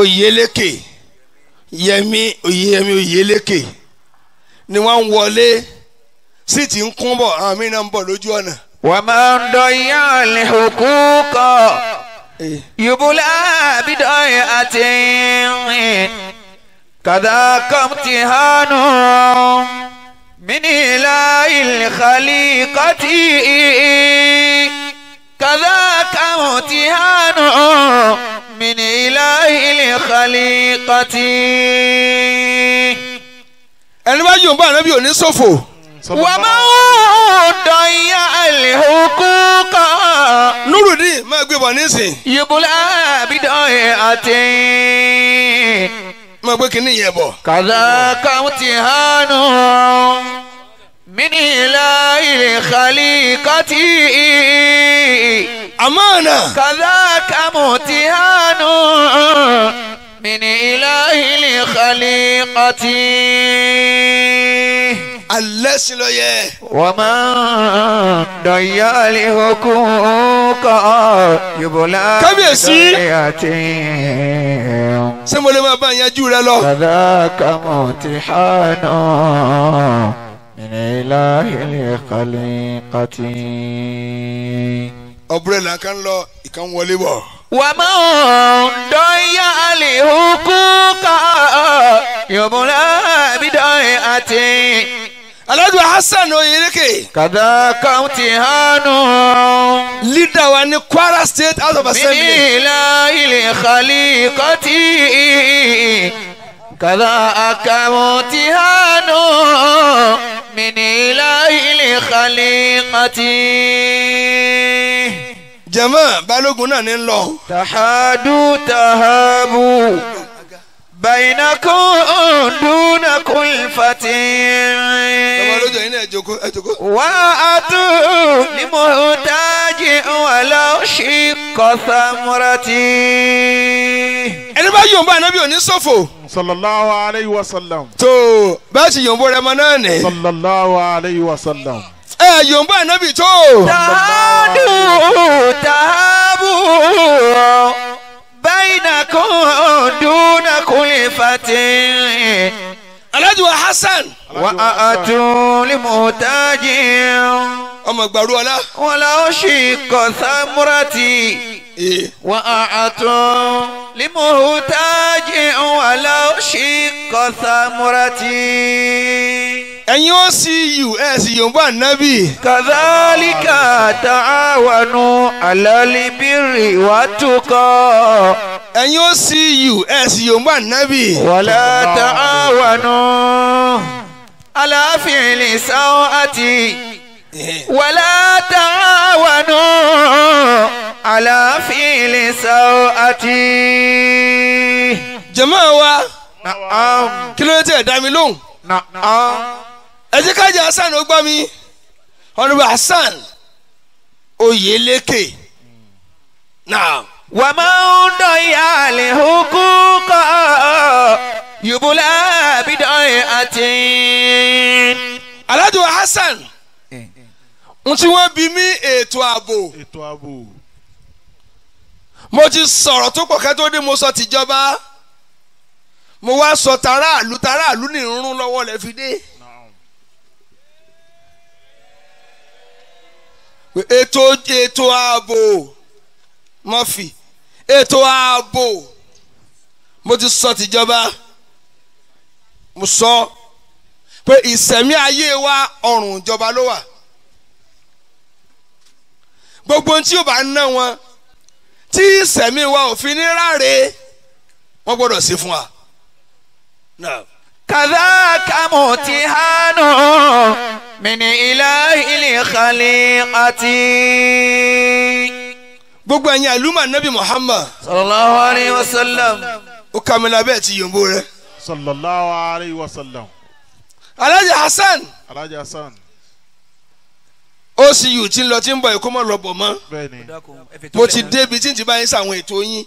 Oyeleke Yẹmi Oyeyẹmi Oyeleke ni wọ́n ń wọlé sí ti ń kún bọ̀ àwọn mìíràn ń bọ̀ lójú ọ̀nà. ومن ضيع الحقوق يبلى بضيعة كذاك امتحان من إله الخليقة كذاك امتحان من إله الخليقة. ẹni bá yóò bá ànábì òní wàmọ́ dọ̀yà àlehókùkọ́. nurudin máa gbé bọ̀ nísìn. yubula abidọ̀yẹ àti. máa gbé kínní yẹn bọ̀. kàdà káwùtì hánú minila ilekali kati. amana. kàdà káwùtì hánú minila ilekali kati alẹ́ sí ló yẹ. wọ́n máa ń dọ̀yọ́ lè okun kọ́ yòbọ̀lá kábíyèsí. ṣé mo lè máa là ń kán lọ ìkànnì wọlé bọ̀. wọ́n máa ń dọ̀yọ́ lè okun kọ́ yòbọ̀lá bídọ̀ àti alhaji hasan oyereke. Kada kaunti hanu. leader wa ni kwara state house of assembly. mi ilà ilé xali kọ́tì. kàdá kaunti hanu. mi ilà xali kọ́tì. jama balógun náà ni n lọ. tahadu tahabu. بينكم دون كل فتير وأت لمحتاج ولو شق ثمرتي ẹni bá yòǹbó ànábì ò ní ṣòfò. sallallahu alayhi wa sallam. tó bá ti yòǹbó rẹ mọ náà ni. sallallahu alayhi wa sallam. ẹ yòǹbó ànábì tó. tàádùn tàábù bainakum duna kulli fatin. alájú wa hasan. wa a'tu li muhtajin ọmọ gbàrú ọlá. wọn la ó ṣì kọ sámúrátì. wọn àtún limuhu tájì ó ṣì kọ sámúrátì ẹ̀yin ó sí yù ẹ̀ sì yòǹbó ànábì. kàdálíkà tààwọnù àlọ́líbírì wà túkọ̀. ẹ̀yin ó sí yù ẹ̀ sì yòǹbó ànábì. wàlá tààwọnù aláfin lè sáwọ́ àti wàlá tààwọnù aláfin lè sáwọ́ àti. jàmáà wa kí ló dé tẹ̀ dá mi lóhùn ẹ jẹ́ ká jẹ́ Hasan ó gbọ́ mi ọ̀nàbà Hasan Oyeleke Now, wà á máa ń dọ̀yà lè hukú kọ́ yòbólà bídọ̀yìn àti. alájọ Hasan eh, eh. n tí wọ́n bí mi ètò ààbò. mo ti sọ̀rọ̀ tó pọ̀ kẹ́tọ́ dé mo sọ tìjọba mo wá sọ tàráàlú tàráàlú ní ìrún lọ́wọ́ lẹ́ fi dé. ètò ètò ààbò mọ́fì ètò ààbò mo ti sọ tìjọba mo sọ pé ìsẹ̀mí ayé wa ọrùn ìjọba ló wà gbogbo tí ó bá ń ná wọn tí ìsẹ̀mí wa ò fi ní ráre wọ́n gbọ́dọ̀ sí fún wa. Now. كذاك متهان من إله لخليقتي gbogbo ẹ̀yin àlùmọ̀ nabi muhammad. sallallahu alayhi wa sallam. ó kà mí lábẹ́ ti yòǹbó rẹ. sallallahu alayhi wa sallam. alhaji hasan. alhaji hasan ocu ti ń lọ ti ń bọ̀ èkó mọ̀ lọ bọ̀ mọ́ mo ti débi tí n ti bá yín sàwọn ètò yín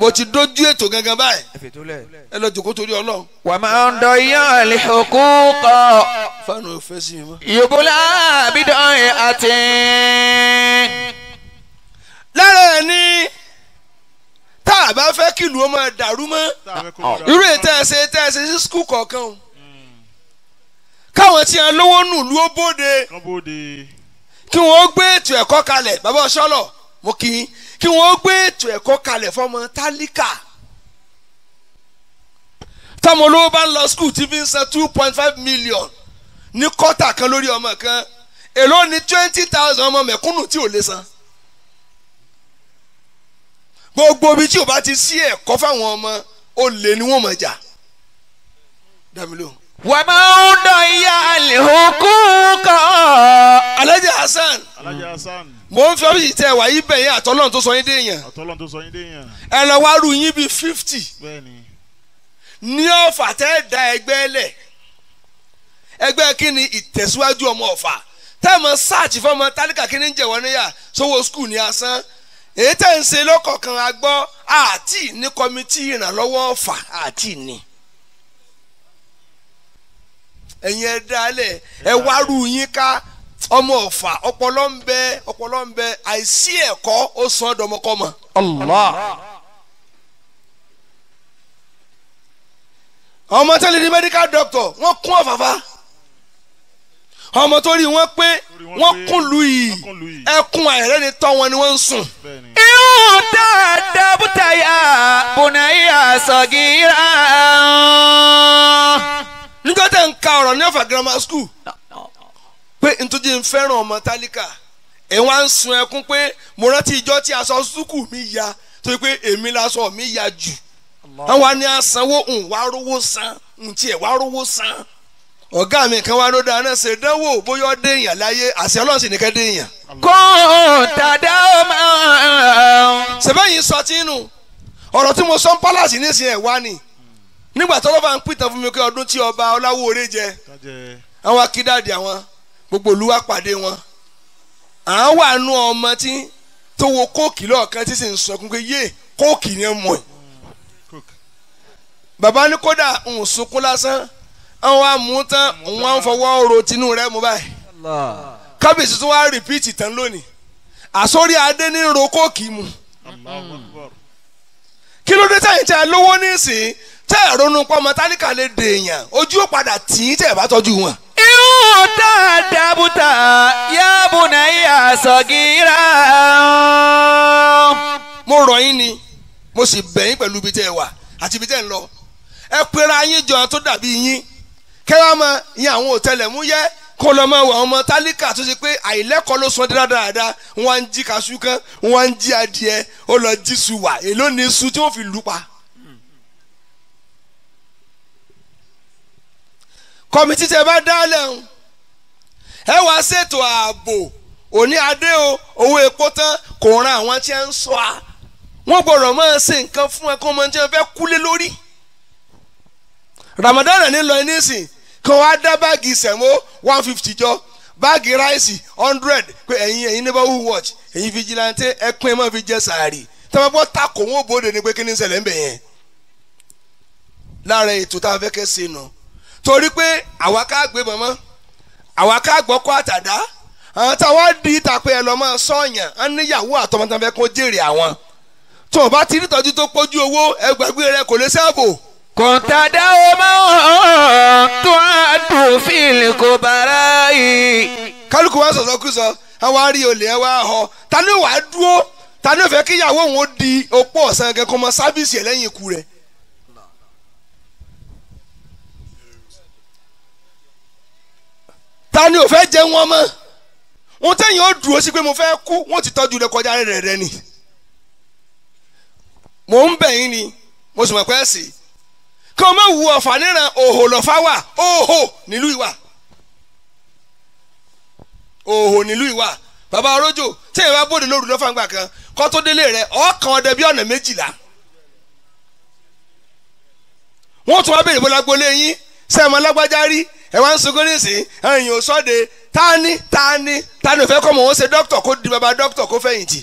mo ti dójú ètò gangan báyìí ẹ lọ jòkó torí ọlọ́run. wà á máa ń dọ̀yàn lè hokú kọ́. fáànù òfé sí i mọ́. yòbólà bídàn àti. lára ẹ̀ ní tá a bá fẹ́ kìlú ó máa dàrú mọ́ irú ètò ẹ̀sẹ̀ tẹ́ ẹ̀sẹ̀ sí skul kọ̀ọ̀kan o káwọn tí a lówó nù ló bóde kí wọ́n gbé ètò ẹ̀kọ́ kalẹ̀ bàbá ọ̀ṣọ́lọ̀ mo kì í kí wọ́n gbé ètò ẹ̀kọ́ kalẹ̀ fọmọ tálíkà táwọn olówó bá ń lọ skul tí fi ń san two point five million ní kọ́tà kan lórí ọmọ kan èló ni twenty thousand ọmọ mẹ̀kúnnù tí ò lè san gbogbo ibi tí o bá ti sí ẹ̀kọ́ fáwọn ọmọ olè ni wọ́n mọ̀ jà dámilóhùn wàmà ọdọ ìyá àlehókùnkà. alájà hasan. alájà hasan. mo ń fi ọ́fíìsì tẹ wàyí bẹ̀yẹ àtọ́lọ́n tó sọ yín déèyàn. àtọ́lọ́n tó sọ yín déèyàn. ẹ lọ wá rú yín bíi fifty. bẹ́ẹ̀ni. ní ọ̀fà tẹ́ da ẹgbẹ́ lẹ̀ ẹgbẹ́ kí ni ìtẹ̀síwájú ọmọ ọ̀fà tẹ́ mọ sáàtì fọmọ tálíkà kí ni ń jẹ̀wọ́ níyà sówó skul ní asán èyí tẹ́ ń ṣe lọ́kọ̀ọ̀kan agbọ́ àti ní kọ́mítì ìrànlọ́wọ́ ọ̀fà àti ní. ẹ̀yin ẹ dálẹ̀ ẹ wárú yín ká ọmọ ọ̀fà ọpọlọ ń bẹ ọpọlọ ń bẹ àìsí ẹ̀kọ́ ó sàn dọmọkọmọ. Allah. ọmọ tẹ́lẹ̀ ní medical doctor wọ́n kún ọ̀fàfà ọmọ tó wọn pé wọ́n kún lu yìí ẹkún àìrẹ́ ni tọ́ wọn ni wọ́n ń sùn. irú dáadáa bùtà yà bùnà yà sọ̀gìrà. nígbà nka ka ọ̀rọ̀ ní ọ̀fà grammar school pé ntòjì ń fẹ́ràn ọmọ tálíkà ẹ̀ wá ń sun ẹkún pé mo rántí ìjọ tí aṣọ sukù mi ya tó yẹ pé èmi mi ya jù ni ń wá rówó san ń tiẹ̀ san ọ̀gá mi kan wá ló náà ṣe láyé àṣẹ ọlọ́run sì ní dé èèyàn. máa. tí mo sọ ń nísìnyẹn ni nígbà tí ọlọ́fà ń pìtàn fún mi pé ọdún tí ọba ọláwóore jẹ àwọn akídàdì àwọn gbogbo olúwa pàdé wọn à ń wà nú ọmọ tí tó wo kóòkì lọ́ọ̀kan tí sì ń sọkún pé yé kóòkì yẹn mọ̀ ẹ́ bàbá ní kódà ń sunkún lásán àwọn amú tán ń fọwọ́ ro tinú rẹ mú báyìí kábíyèsí tó wá rìpíìtì tán lónìí àsórí adé ní ro kóòkì mu kí ló dé táyìntì alówó nísìnyí tẹ́ ẹ̀ ronú pọ́ ọmọ tálíkà lè dèèyàn ojú ó padà tì í tẹ́ ẹ̀ bá tọ́jú wọn. irú tá a dábùtà yáàbù náà yà sọ̀gìrà. mo rọ̀ yín ni mo sì bẹ̀ yín pẹ̀lú ibi tẹ́ ẹ wà àti ibi tẹ́ ẹ ń lọ ẹ pera yín jọ tó dàbí yín kẹ́wàá mọ ìyẹn àwọn òtẹlẹ̀múyẹ́ kó lọ máa wà ọmọ tálíkà tó ṣe pé àìlẹ́kọ̀ọ́ ló sọ dáadáa wọ́n ń jí kaṣú kan wọ́n ń jí adìẹ ó lọ jí su èló ni su tí wọ́n fi lù pa. kọ́mítì tẹ bá dálẹ̀ ń ẹ wá ṣètò ààbò òní adé o owó epo tán kò ran àwọn tí ń sọ a wọ́n gbọ́dọ̀ máa ṣe nǹkan fún ẹ kó máa jẹ́ fẹ́ kúlé lórí Ramadan ní lọ nísìn kí wọ́n á dá báàgì sẹ̀mó one fifty jọ báàgì ráìsì hundred pé ẹ̀yin ẹ̀yin neighborhood watch ẹ̀yin vigilante ẹ pín ẹ máa fi jẹ sàárì tọ́wọ́ bọ́ takò wọn ò bóde ni pé kí ni ń ṣẹlẹ̀ ń bẹ̀ yẹn lára ètò tá a fẹ́ kẹ́ ṣe nù. No torí pé àwa ká gbé mọ́mọ́ àwa ká gbọ́kọ́ àtàdá àwọn táwọn di ìtàpé ẹ lọ́mọ sọ̀yàn á níyàwó àtọmọtàn fẹ́ kó jèrè àwọn tó o bá ti rí ìtọ́jú tó pójú owó ẹgbàgbé rẹ kò lè sẹ́ẹ̀bù. kọ̀ǹtàdá o máa ń tó àdùn fíìlì kò bára yìí. kálukú wa sọ̀sọ́ kú sọ àwọn arí olè ẹ wá họ ta ni wàá dúró ta ni ó fẹ́ kíyàwó òun ó di opó ọ̀sán gẹ́gẹ́ kó mọ sábìsì ẹ̀ lẹ́yìn ikú rẹ̀. ta ni ò fẹ́ jẹ wọn mọ́ wọn tẹ̀yìn ó dúró sí pé mo fẹ́ kú wọn ti tọ́jú rẹ kọjá rẹ̀ rẹ̀ ni mo ń bẹ̀ yín ni mo sì mọ̀ pẹ́ sí i kí wọ́n má wu ọ̀fà níran òhò lọ́fà wà òhò nílùú ìwà òhò nílùú ìwà bàbá ọlọ́jọ́ tẹ̀yìn bá bòde lóru lọ́fà ńgbà kan kó tó délé rẹ̀ ọ̀ọ́kan ọdẹ bí ọ̀nà méjìlá wọ́n tún wá béèrè bó lágbólé yín sẹ́ẹ̀mọ́ lágbájá rí ẹ̀ wá ń sunkún nísìn ẹ̀yìn ò sọ́de tani tani tani ò fẹ́ kọ́ mọ̀ wọ́n ṣe dókítà kó di baba dókítà kó fẹ̀yìntì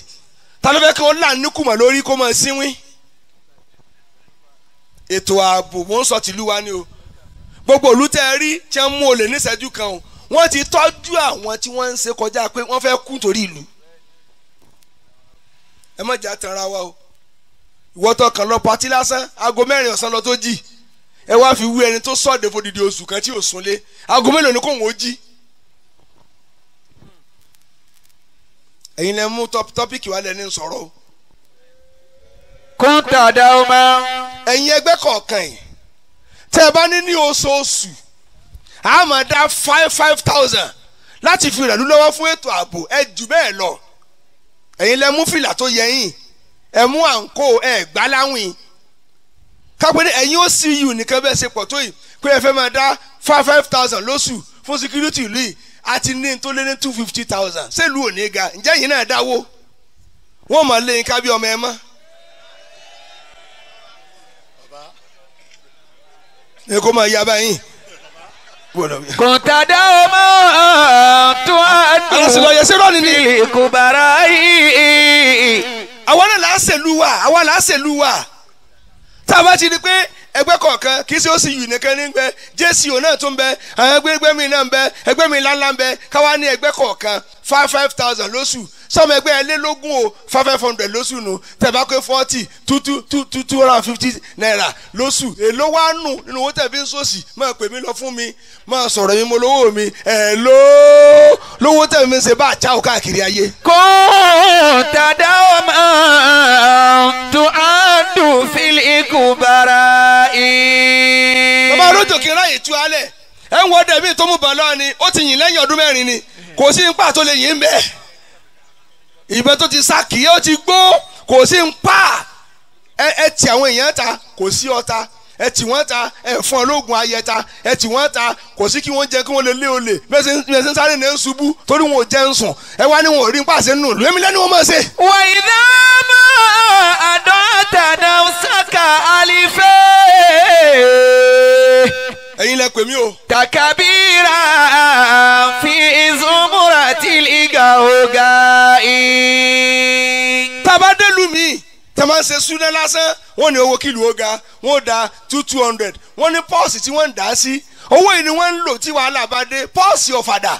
tani ò fẹ́ kí wọ́n là níkùmọ̀ lórí kó mọ̀ síwín ètò ààbò mò ń sọ tìlú wa ni o gbogbo olùtẹ̀ rí tí wọ́n mú olè níṣẹ́jú kan o wọ́n ti tọ́jú àwọn tí wọ́n ń ṣe kọjá pé wọ́n fẹ́ kú torí ìlú ẹ má jà tanra wa o ìwọ́tọ̀ kan lọ pati lásán aago mẹ́rin ọ̀sán lọ tó jì ẹ wá fi wú ẹni tó sọ̀dẹ̀ fòdìdì oṣù kan tí ò súnlé aago mélòó ni kò wọ́n jí. ẹ̀yin lẹ mú tọ́pìkì wa lẹ́ni sọ̀rọ̀ o. kóńtà dá ẹ̀yin ẹgbẹ́ kọ̀ọ̀kan yìí tẹ́ ẹ bá ní ní oṣooṣù a máa dá five five thousand láti fi rẹ̀ lúlọ́wọ́ fún ètò ààbò ẹ jù bẹ́ẹ̀ lọ ẹ̀yin lẹ mú fìlà tó yẹ yín ẹ mú àǹkó ẹ gbá láwìn kápẹ́ ní ẹ̀yin ó sì yù nìkan bẹ́ẹ̀ ṣe pọ̀ tó yìí pé ẹ fẹ́ máa dá five five thousand lóṣù fún security ìlú yìí àti ní tó lé ní two fifty thousand ṣèlú ò ní ga ǹjẹ́ yìí náà dáwó wọ́n máa lé yín kábí ọmọ ẹ mọ́. ní kó máa yá báyìí. kòtàdá ọmọ tó a dùn. alásìlọ yẹsẹ lọ nínú. ìlẹ̀kùn bàrà yìí. àwa náà làá ṣèlú wa àwa làá ṣèlú wa tá a bá ti di pé ẹgbẹ́ kọ̀ọ̀kan kì í ṣe ó sì yù nìkan ní gbẹ jésì òun náà tún bẹ àwọn ẹgbẹ́ mi náà bẹ ẹgbẹ́ mi ńláńlá bẹ káwá ní ẹgbẹ́ kọ̀ọ̀kan five five thousand lóṣù sọmọ ẹgbẹ́ ẹlẹ́lógún o five hundred lóṣù nù tẹ̀bá pé forty two two two two two hundred and fifty naira lóṣù èló wá nù nínú owó tẹ̀ fi ń sòsì máa pè mí lọ fún mi máa sọ̀rọ̀ mi mo lówó mi ẹ̀ ló lówó tẹ̀ mi ń ṣe bá a já o káàkiri ayé. kó dada ọmọ tó á dùn fílì kù bàrà yìí. bàbá rojò kí n ráyè tú alẹ̀ ẹ̀ ń wọ́n dẹ̀ bí tó mú bàlọ́ ni ó ti yìn lẹ́yìn ọdún mẹ́rin ni kò sí ń pàtó lè yìn bẹ́ẹ̀ ìbẹ́ tó ti sá kì í ó ti gbó kò sí ń pa ẹ ti àwọn èèyàn ta kò sí ọta ẹ tì wọ́n ta ẹ fún ọ lóògùn ayẹta ẹ tì wọ́n ta kò sí kí wọ́n jẹ kí wọ́n lè lé olè bẹ́ẹ̀ sẹ́ sáré ní ṣubú torí wọn ò jẹ́ ń ẹ wá ní wọn ò rí pàṣẹ nù lómi lẹ́nu wọn máa ṣe. wà ìdá mọ́ àdọ́tàdà ṣàkà àlìfẹ́. ẹ̀yin lẹ pè mí o. takabira fi ìzúmúra tí ìgbà ọ̀gá yìí. tàbá délùú mi tẹ̀má ń ṣe súná lásán wọ́n ní owó kìlú ọ̀gá wọ́n da two two hundred wọ́n ní pọ́ọ̀sì tí wọ́n ń dá sí owó yìí ni wọ́n ń lò tí wàhálà bá dé pọ́ọ̀sì ọ̀fadà.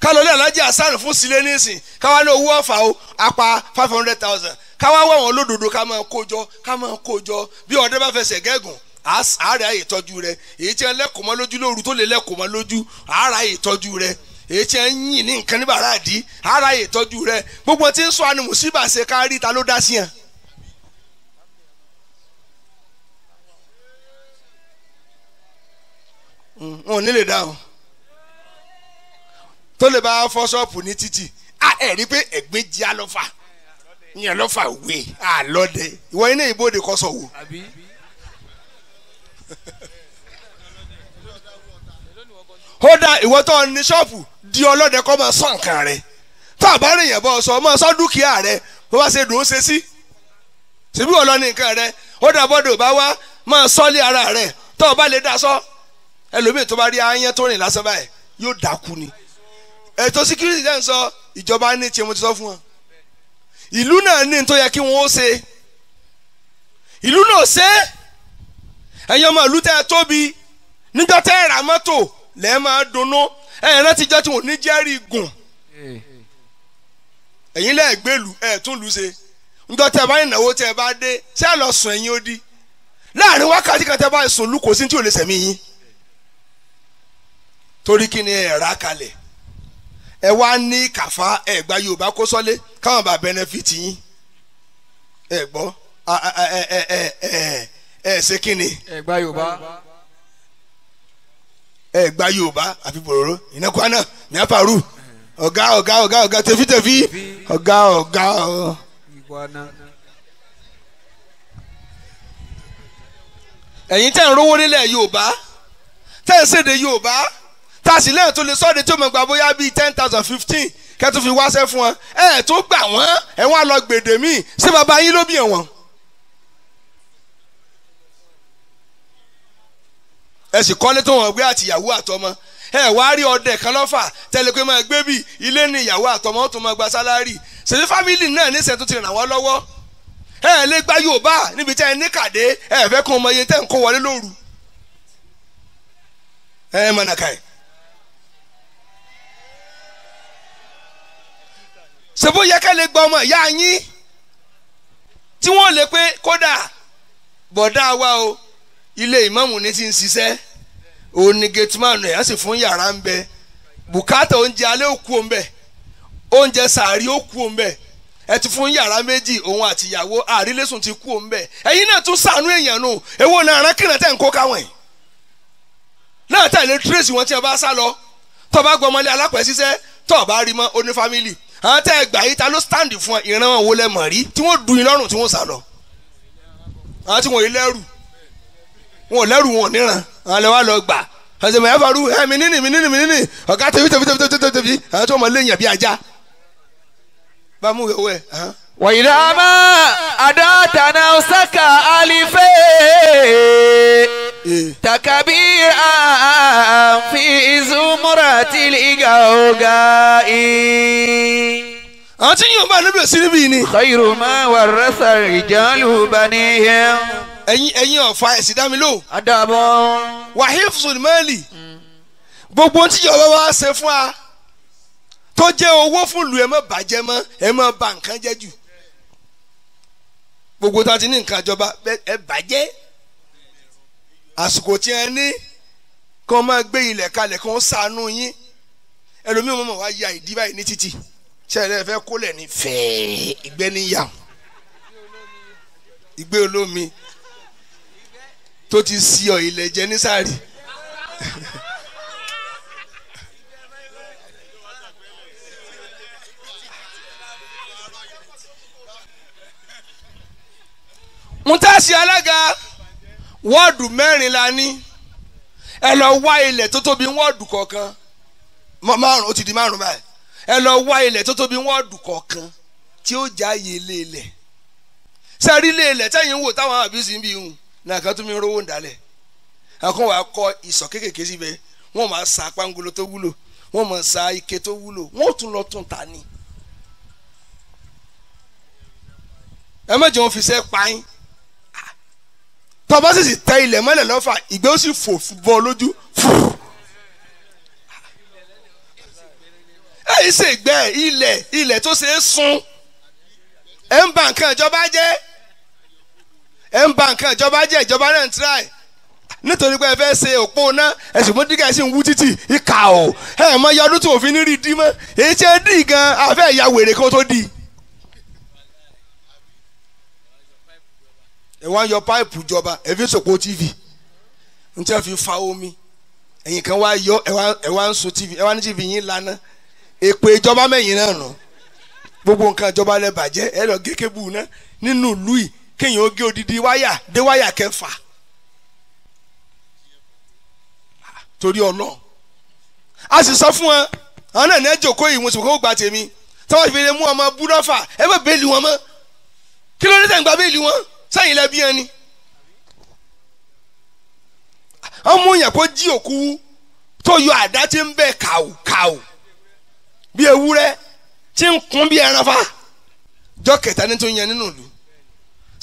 kálọ̀lẹ́ alájẹ àsánù fún sílé nísìn káwá ní owó ọ̀fà o apá five hundred thousand káwá wọ̀ wọ́n lódodo ká máa kó jọ ká máa kó jọ bí ọ̀dẹ́ bá fẹsẹ̀ gẹ́gùn àárẹ̀ àyè tọ́jú rẹ̀ èyí tí wọ́n lóru tó lè lẹ́kọ̀ọ́ àárẹ̀ àyè tọ́jú rẹ̀ èyí tí ẹ ń yìn ní nǹkan ní bàrà àdí ara yè tọ́jú rẹ gbogbo tí ń sọ àni mùsíbà ṣe ká rí ta ló dá sí yẹn. Hmm, wọn ò ní lè dá tó lè bá fọ́ ṣọ́ọ̀pù ní títì a ẹ̀ rí pé ẹ̀gbẹ́ jí a lọ́fà yẹn wé a ìwọ iná ìbòde kọ́ sọ wò. ó dá ìwọ ní ṣọ́ọ̀pù di ọlọ́dẹ kọ́ máa sọ nǹkan rẹ̀ tá a bá rìn yẹn bọ́ sọ ọmọ sọ dúkìá rẹ̀ bó bá ṣe dùn ó ṣe sí síbí ọlọ́ ní nǹkan rẹ̀ ó dà bọ́dọ̀ bá wá máa sọ lé ara rẹ̀ tó o bá lè dá ẹlòmíì tó bá rí ayán tó rìn lásán báyìí yóò dákú ni ètò security dẹ́n sọ ìjọba ní tiẹ̀ mo ti sọ fún wọn ìlú náà ní tó yẹ kí wọ́n ó ṣe ìlú náà ṣe ẹ̀yin ọmọ ìlú tẹ́ ẹ tóbi níjọ́ tẹ́ ẹ ra mọ́tò lẹ́ẹ̀ máa dunnú ẹ̀yìn rántí jọ́ tí wọ́n ní jẹ́rìí gùn ẹ̀yin lẹ́ẹ̀ gbèlú ẹ̀ tún lù ú ṣe njọ́ tẹ́ bá ìnáwó tẹ́ bá dé ṣé ẹ lọ sùn ẹ̀yin ó di láàrin wákàtí kan tẹ́ bá sùn lù kò sí tí ò lè sẹ̀mí yín torí kí ni ẹ̀ rà kalẹ̀ ẹ wá ní kàfá ẹ̀ gba Yorùbá kó sọ́lé káwọn bá benefit yín ẹ gbọ́ ẹ ẹ ẹ ẹ ẹ ṣe kí ni. ẹ gba Yorùbá ẹ gba yorùbá àfi bòròró iná kwana ní afaru ọ̀gá ọ̀gá ọ̀gá ọ̀gá tẹ̀fítẹ̀fí ọ̀gá ọ̀gá ọ̀. ẹ̀yin tẹ́ ń rówó nílẹ̀ yorùbá tẹ́ ń ṣèdè yorùbá tá a sì lẹ́yìn tó lè sọ́ọ́dẹ tó mọ̀ gbà bóyá bíi ten thousand fifteen kẹ́tù fi wáṣẹ́ fún wọn ẹ̀ tó gbà wọ́n ẹ̀ wọ́n á lọ gbèdè míì ṣé bàbá yín ló bí ẹ̀wọ̀n. ẹ sì kọ́lé tó wọ́n gbé àtìyàwó àtọmọ ẹ wá rí ọdẹ kan lọ́fà tẹ́lẹ̀ pé máa gbé bì ilé ní ìyàwó àtọmọ ó tún máa gba sálárì ṣèlú fámìlì náà ní sẹ́tún ti ràn wọ́n lọ́wọ́ ẹ lè gba Yorùbá níbi tẹ́ ẹ ní kàdé ẹ fẹ́ kó mọ iye tẹ́ ń kó wọlé lóru ẹ mọ̀nàkà ẹ̀. ṣèbó yẹ ká lè gba ọmọ ìyá yín tí wọ́n lè pé kódà bọ̀dá wa o ilé ìmáàmù ní ti ń ṣiṣẹ́ òun ni gateman ẹ̀ á sì fún yàrá ń bẹ bùkátà oúnjẹ alẹ́ òkú òun bẹ̀ oúnjẹ sàárì òkú òun bẹ̀ ẹ ti fún yàrá méjì òun àti ìyàwó àrílẹ̀sùn ti kú òun bẹ̀ ẹ̀yin náà tún sànú èèyàn nù èwo náà arákìnrin tẹ̀ ń kó káwọn yìí náà tẹ̀ lé tírèsì wọn tí ẹ bá sá lọ tó bá gbọ́ ọmọlé alápẹ̀ ṣiṣẹ́ tó bá rí mọ́ oní fámìlì àwọn tẹ́ ẹ gbà yìí ta ló stand fún ìran wọn wo lẹ tí wọ́n dùn yín tí wọ́n sá lọ àwọn tí wọ́n yìí lẹ́rù wọn ò lẹ́rù wọn ò níran àwọn lè wá lọ gbà ọ̀sẹ̀ mọ̀ ẹ́ farú ẹ̀ mi nínì mi nínì mi nínì ọ̀gá tẹ̀fí tẹ̀fí tẹ̀fí tẹ̀fí tẹ̀fí àwọn tó mọ̀ lé yàn bí ajá bá mú ìwé wẹ̀. wàyídà má àdọ́tàná ṣàkà àlìfẹ́ takabi àfi ìzúmúra tìlí ìgà ọ̀gá àwọn tí yóò bá níbi òsínú bíi ni. khayru ma warasa rijalu banihim ẹ̀yin ẹ̀yin ọ̀fà ẹ̀sìn dá mi lò. adabọ. wahif sunmẹ́lì tí ìjọba wa ṣe fún wa tó jẹ́ owó fún ìlú ẹ̀ mọ́ bàjẹ́ mọ́ ẹ̀ mọ́ ba nǹkan jẹ́ jù gbogbo tá a ti ní nǹkan àjọba ẹ bàjẹ́ àsìkò tí ẹ ní kó máa gbé ilẹ̀ kalẹ̀ kó sànú yín ẹlòmíràn mọ̀ wá ya ìdí báyìí ní títì ṣẹlẹ̀ fẹ́ kólẹ̀ ní fẹ́ẹ́ ìgbẹ́ níyà ìgbẹ́ olómi tó ti si ọ ilẹ̀ jẹ ní sáré. mutasi alága wọ́ọ̀dù mẹ́rin la ní ẹ lọ wá ilẹ̀ tó tóbi wọ́ọ̀dù kọ̀ọ̀kan márùn ó ti di márùn báyìí ẹ lọ wá ilẹ̀ tó tóbi wọ́ọ̀dù kọ̀ọ̀kan tí ó jáàyè ilé ilẹ̀ sẹ́rí ilé ilẹ̀ tẹ́yìn wò táwọn àbí sí ń bí hùn náà kan tún mi rówó ń dalẹ̀ àkàn wàá kọ ìsọ̀ kéékèèké síbẹ̀ wọ́n máa sa pangolo tó wúlò wọ́n máa sa ike tó wúlò wọ́n tún lọ tún ta ni. ẹ má jẹ́ wọn fi sẹ́ pààyàn tọ́ba sì sì tẹ ilẹ̀ mọ́lẹ̀ lọ́fà ìgbẹ́ ó sì fò bọ́ lójú fò. èyí ṣègbè ilẹ̀ ilẹ̀ tó ṣe é sun ẹ̀ ń ba nǹkan ìjọba jẹ́. ẹ ń ba ìjọba jẹ́ ìjọba náà ń tíráì nítorí pé ẹ fẹ́ ṣe òpó ná ẹ̀sùn mọ́tíkà sì ń wú títì o ẹ mọ iye ọdún tí òfin ní rí di mọ́ èyí ṣe dì gan ìyá wèrè kó di. ẹ wá yọ páìpù jọba ẹ fi tv n tẹ́ fi fa omi ẹ̀yìn kan yọ ẹ wá tv ẹ wá ní yín lana èpè ìjọba mẹ́yìn gbogbo nǹkan ìjọba lẹ bàjẹ́ ẹ lọ gé kébù kéèyàn oge odidi waya dé wáyà kẹfà torí ọlọ a sì sọ fún wọn àwọn náà ní ẹ jòkó yìí wọn sì kó gba tèmi táwọn ìfèrè mú ọmọ búrọ́fà ẹ bá bẹ́ẹ̀lì wọn mọ́ kí ló dé tẹ̀ ń gba bẹ́ẹ̀lì wọn sẹ́yìn lẹ́bí ẹni. ni. ọmọ yẹn kó jí òkú tó yọ àdá tí ń bẹ kàù kàù bí ewúrẹ́ tí ń kún bí ẹran fa jọ kẹta ní tó yẹn nínú ìlú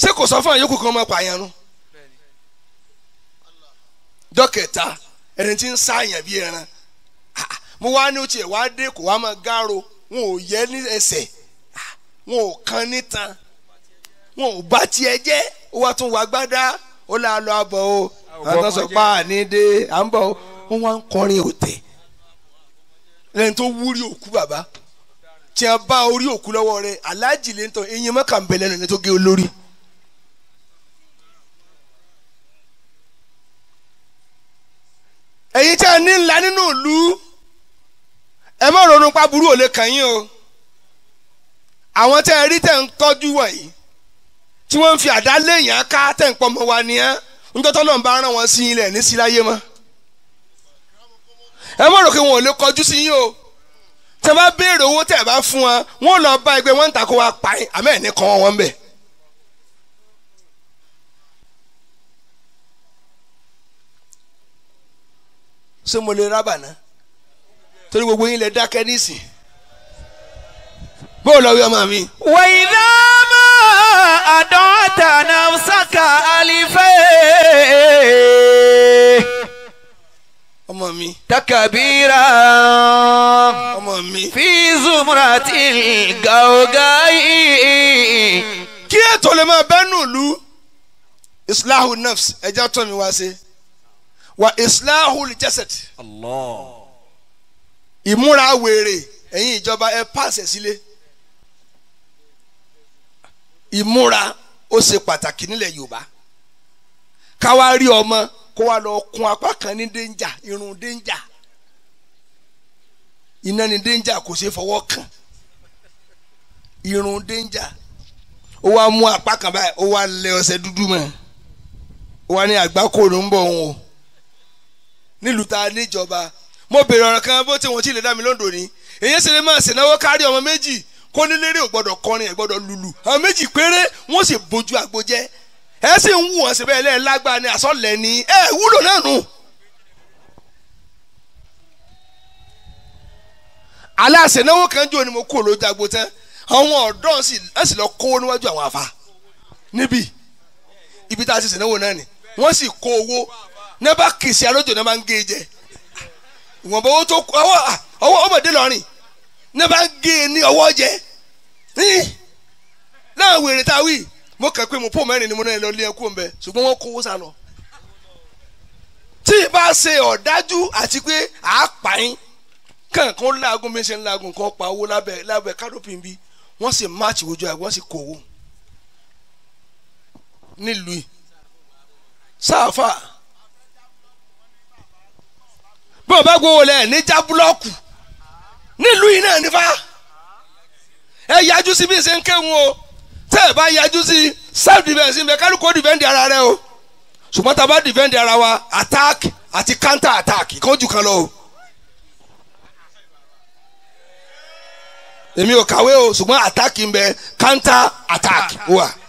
ṣé kò sọ fún àyókù kan máa pààyàn nu dókítà ẹni tí ń sáàyàn bí ẹran ah, mo wá ní oṣù ẹ̀ wá dé wá máa wọn ò yẹ ní ah, wọn ò kan nita wọn ò bá tiẹ̀ jẹ́ ó wá tún wá gbádá ó là lọ o àtọ́ sọ pa àní kọrin tó òkú bàbá tí a bá orí òkú lọ́wọ́ aláàjì ẹ̀yin tí a ní ńlá nínú ìlú ẹ má ronú pa burú ò lè kàn yín o àwọn tẹ́ ẹ rí tẹ́ ń tọ́jú wọ̀nyí tí wọ́n ń fi àdá léèyàn ká tẹ́ ń pọmọ wa nìyẹn nítorí náà ń bá rán wọn sí ilẹ̀ ní síláyé mọ́ ẹ má rò wọn ò lè kọjú sí yín o tẹ́ bá béèrè owó tẹ́ bá fún wọn wọn lọ bá ẹgbẹ́ wọn ń ta kó pa ẹ àmẹ́ ẹ̀ ní kan wọn bẹ́ẹ̀. ṣé mo lè rábà náà torí gbogbo yín lè dákẹ́ nísìn bó lọ wí ọmọ mi. wẹ̀yìnà máa àdọ́ta náà ṣàkà àlìfẹ́. ọmọ mi. takabira. ọmọ mi. fi zumurati gàógáyì. kí ètò lè máa bẹ́nu lu islahu nafs ẹja tó mi wá sí i. wa islahul jasad. Allah. ìmúra wèrè ẹ̀yin ìjọba ẹ pàṣẹ sílé ìmúra ó ṣe pàtàkì nílẹ̀ yorùbá káwá rí ọmọ kó wa lọ kun apá kan ní dénjà irun dénjà iná ní dénjà kò ṣeé fọwọ́ kàn irun dénjà ó wá mú apá kan báyìí ó wá lẹ dudu dúdú mọ́ ó wá ní àgbákò ló ń bọ̀ òun o. nílùú ta níjọba mo béèrè ọ̀rọ̀ kan bó ti wọ́n ti lè dá mi lóńdò ní èyí ṣe lè máa ṣènáwó kárí ọmọ méjì kó nílérè ò gbọ́dọ̀ kọrin ẹ̀ gbọ́dọ̀ lùlù àwọn méjì péré wọ́n sì bójú àgbo jẹ́ ẹ sì ń wù wọ́n síbẹ̀ ẹ lágbára ni àsọ̀lẹ̀ ni ẹ wúlò náà nù. aláṣẹ̀náwó kan jò ni mo kú olójú àgbo tán àwọn ọ̀dọ́ ẹ sì lọ kó níwájú àwọn àfa níbi ibi tá a ti ṣènáwó náà ni wọ́n sì kó owó ní bá kìsì alójó náà máa ń gé e jẹ ìwọ̀nba owó tó ọwọ́ ọwọ́ ọmọdé lọ́rìn ní bá ń gé e ní ọwọ́ jẹ náà wèrè mo kàn pé mo pò mẹ́rin ni mo náà lọ lé ẹkú ọ̀nbẹ ṣùgbọ́n wọ́n kówó sá lọ tí ì bá ṣe ọ̀dájú àti pé àápàáyín kankan láàgùn bí ṣe ń láàgùn kan pa owó lábẹ́ lábẹ́ kádópì bí wọ́n sì máàtì ojú àgbẹ̀ wọ́n sì kó owó nílùú sáfà bí wọn bá gbowó lẹ níjà búlọ́ọ̀kù nílùú yìí náà nífa ẹ yájú sí bí ṣe ń kéwọn o tẹ́ ẹ bá yájú sí self defence bẹ kálukó defend ara rẹ o ṣùgbọ́n tá a bá defend ara wa attack àti counter attack kò jù kan lọ o. èmi ò kàwé o ṣùgbọ́n attack ń bẹ counter attack wà.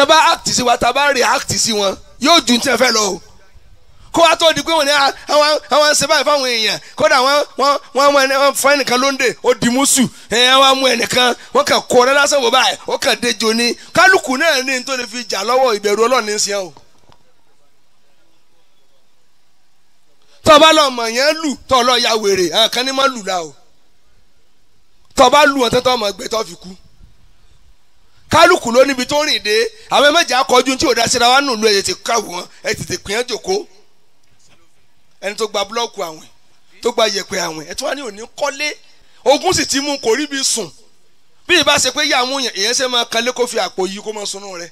tẹ bá act sí wa tá bá react sí wọn yóò ju ní tẹ fẹ́ lọ o kó wa tó di pé wọn ni ah, àwọn àwọn ṣe báyìí fáwọn èèyàn kódà wọn wọn wọn wọn wọn fọ ẹnìkan lóńdè ó di mùsù ẹ wọn mú ẹnìkan wọn kàn kó ọ̀rẹ́ lásán wò báyìí ó kàn dé joni kálukú náà ní nítorí fi jà lọ́wọ́ ìbẹ̀rù Ọlọ́run ní o. tọ́ba lọ mọ̀ yẹn lù tọ́ ya wèrè àwọn kan ní má lù la o tọ́ba lù wọn ọmọ ẹgbẹ́ fi kú kálukú ló níbi tó rìn dé àwọn ẹmẹjẹ akọjú tí òdà síra wa nù lu ẹ ti ká wọn ẹ tètè pín ẹ jòkó ẹni tó gba búlọ́ọ̀kù àwìn tó gba yẹ̀pẹ̀ àwìn ẹ tó wà ní òní kọ́lé ogun sì ti mú kò rí bí sùn bí ìbá ṣe pé yàmú yẹn ìyẹn ṣe máa kalẹ́ kó fi àpò yìí kó máa sunú rẹ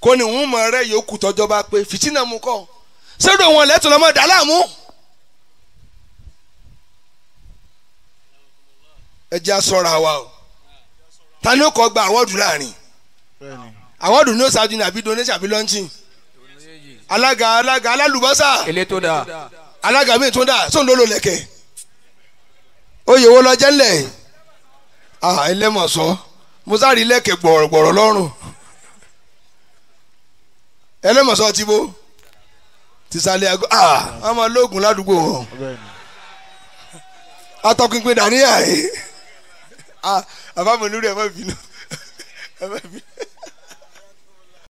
kò ní òun mọ̀ rẹ yòókù tọjọ́ pé fìtínà mu kọ́ sẹ́dọ̀ wọn lẹ́tọ̀ lọ́mọ dàlámù. ẹ jẹ́ aṣọ́ra wa o ta ni ó kọ́ gba àwọ̀dù láàrin àwọ̀dù ní ó ṣáájú ní àbí donation àbí launching alága alága alálùbọ́sà elétò dà alága mi tún dà sóun ló lò lẹ̀kẹ̀ oyè wo lọ jẹ́lẹ̀ ẹlẹ́mọ̀sọ́ musari lẹ́kẹ̀ gbọ̀rọ̀gbọ̀rọ̀ lọ́rùn ẹlẹ́mọ̀sọ́ ti bó ti sálẹ̀ àgọ́ ọmọ ológun ládùúgbò wọn atọ́pinpin dàníyà ẹ̀ àbámu nílùú ẹ̀ mọ̀ bínú ẹ̀ mọ̀ bínú.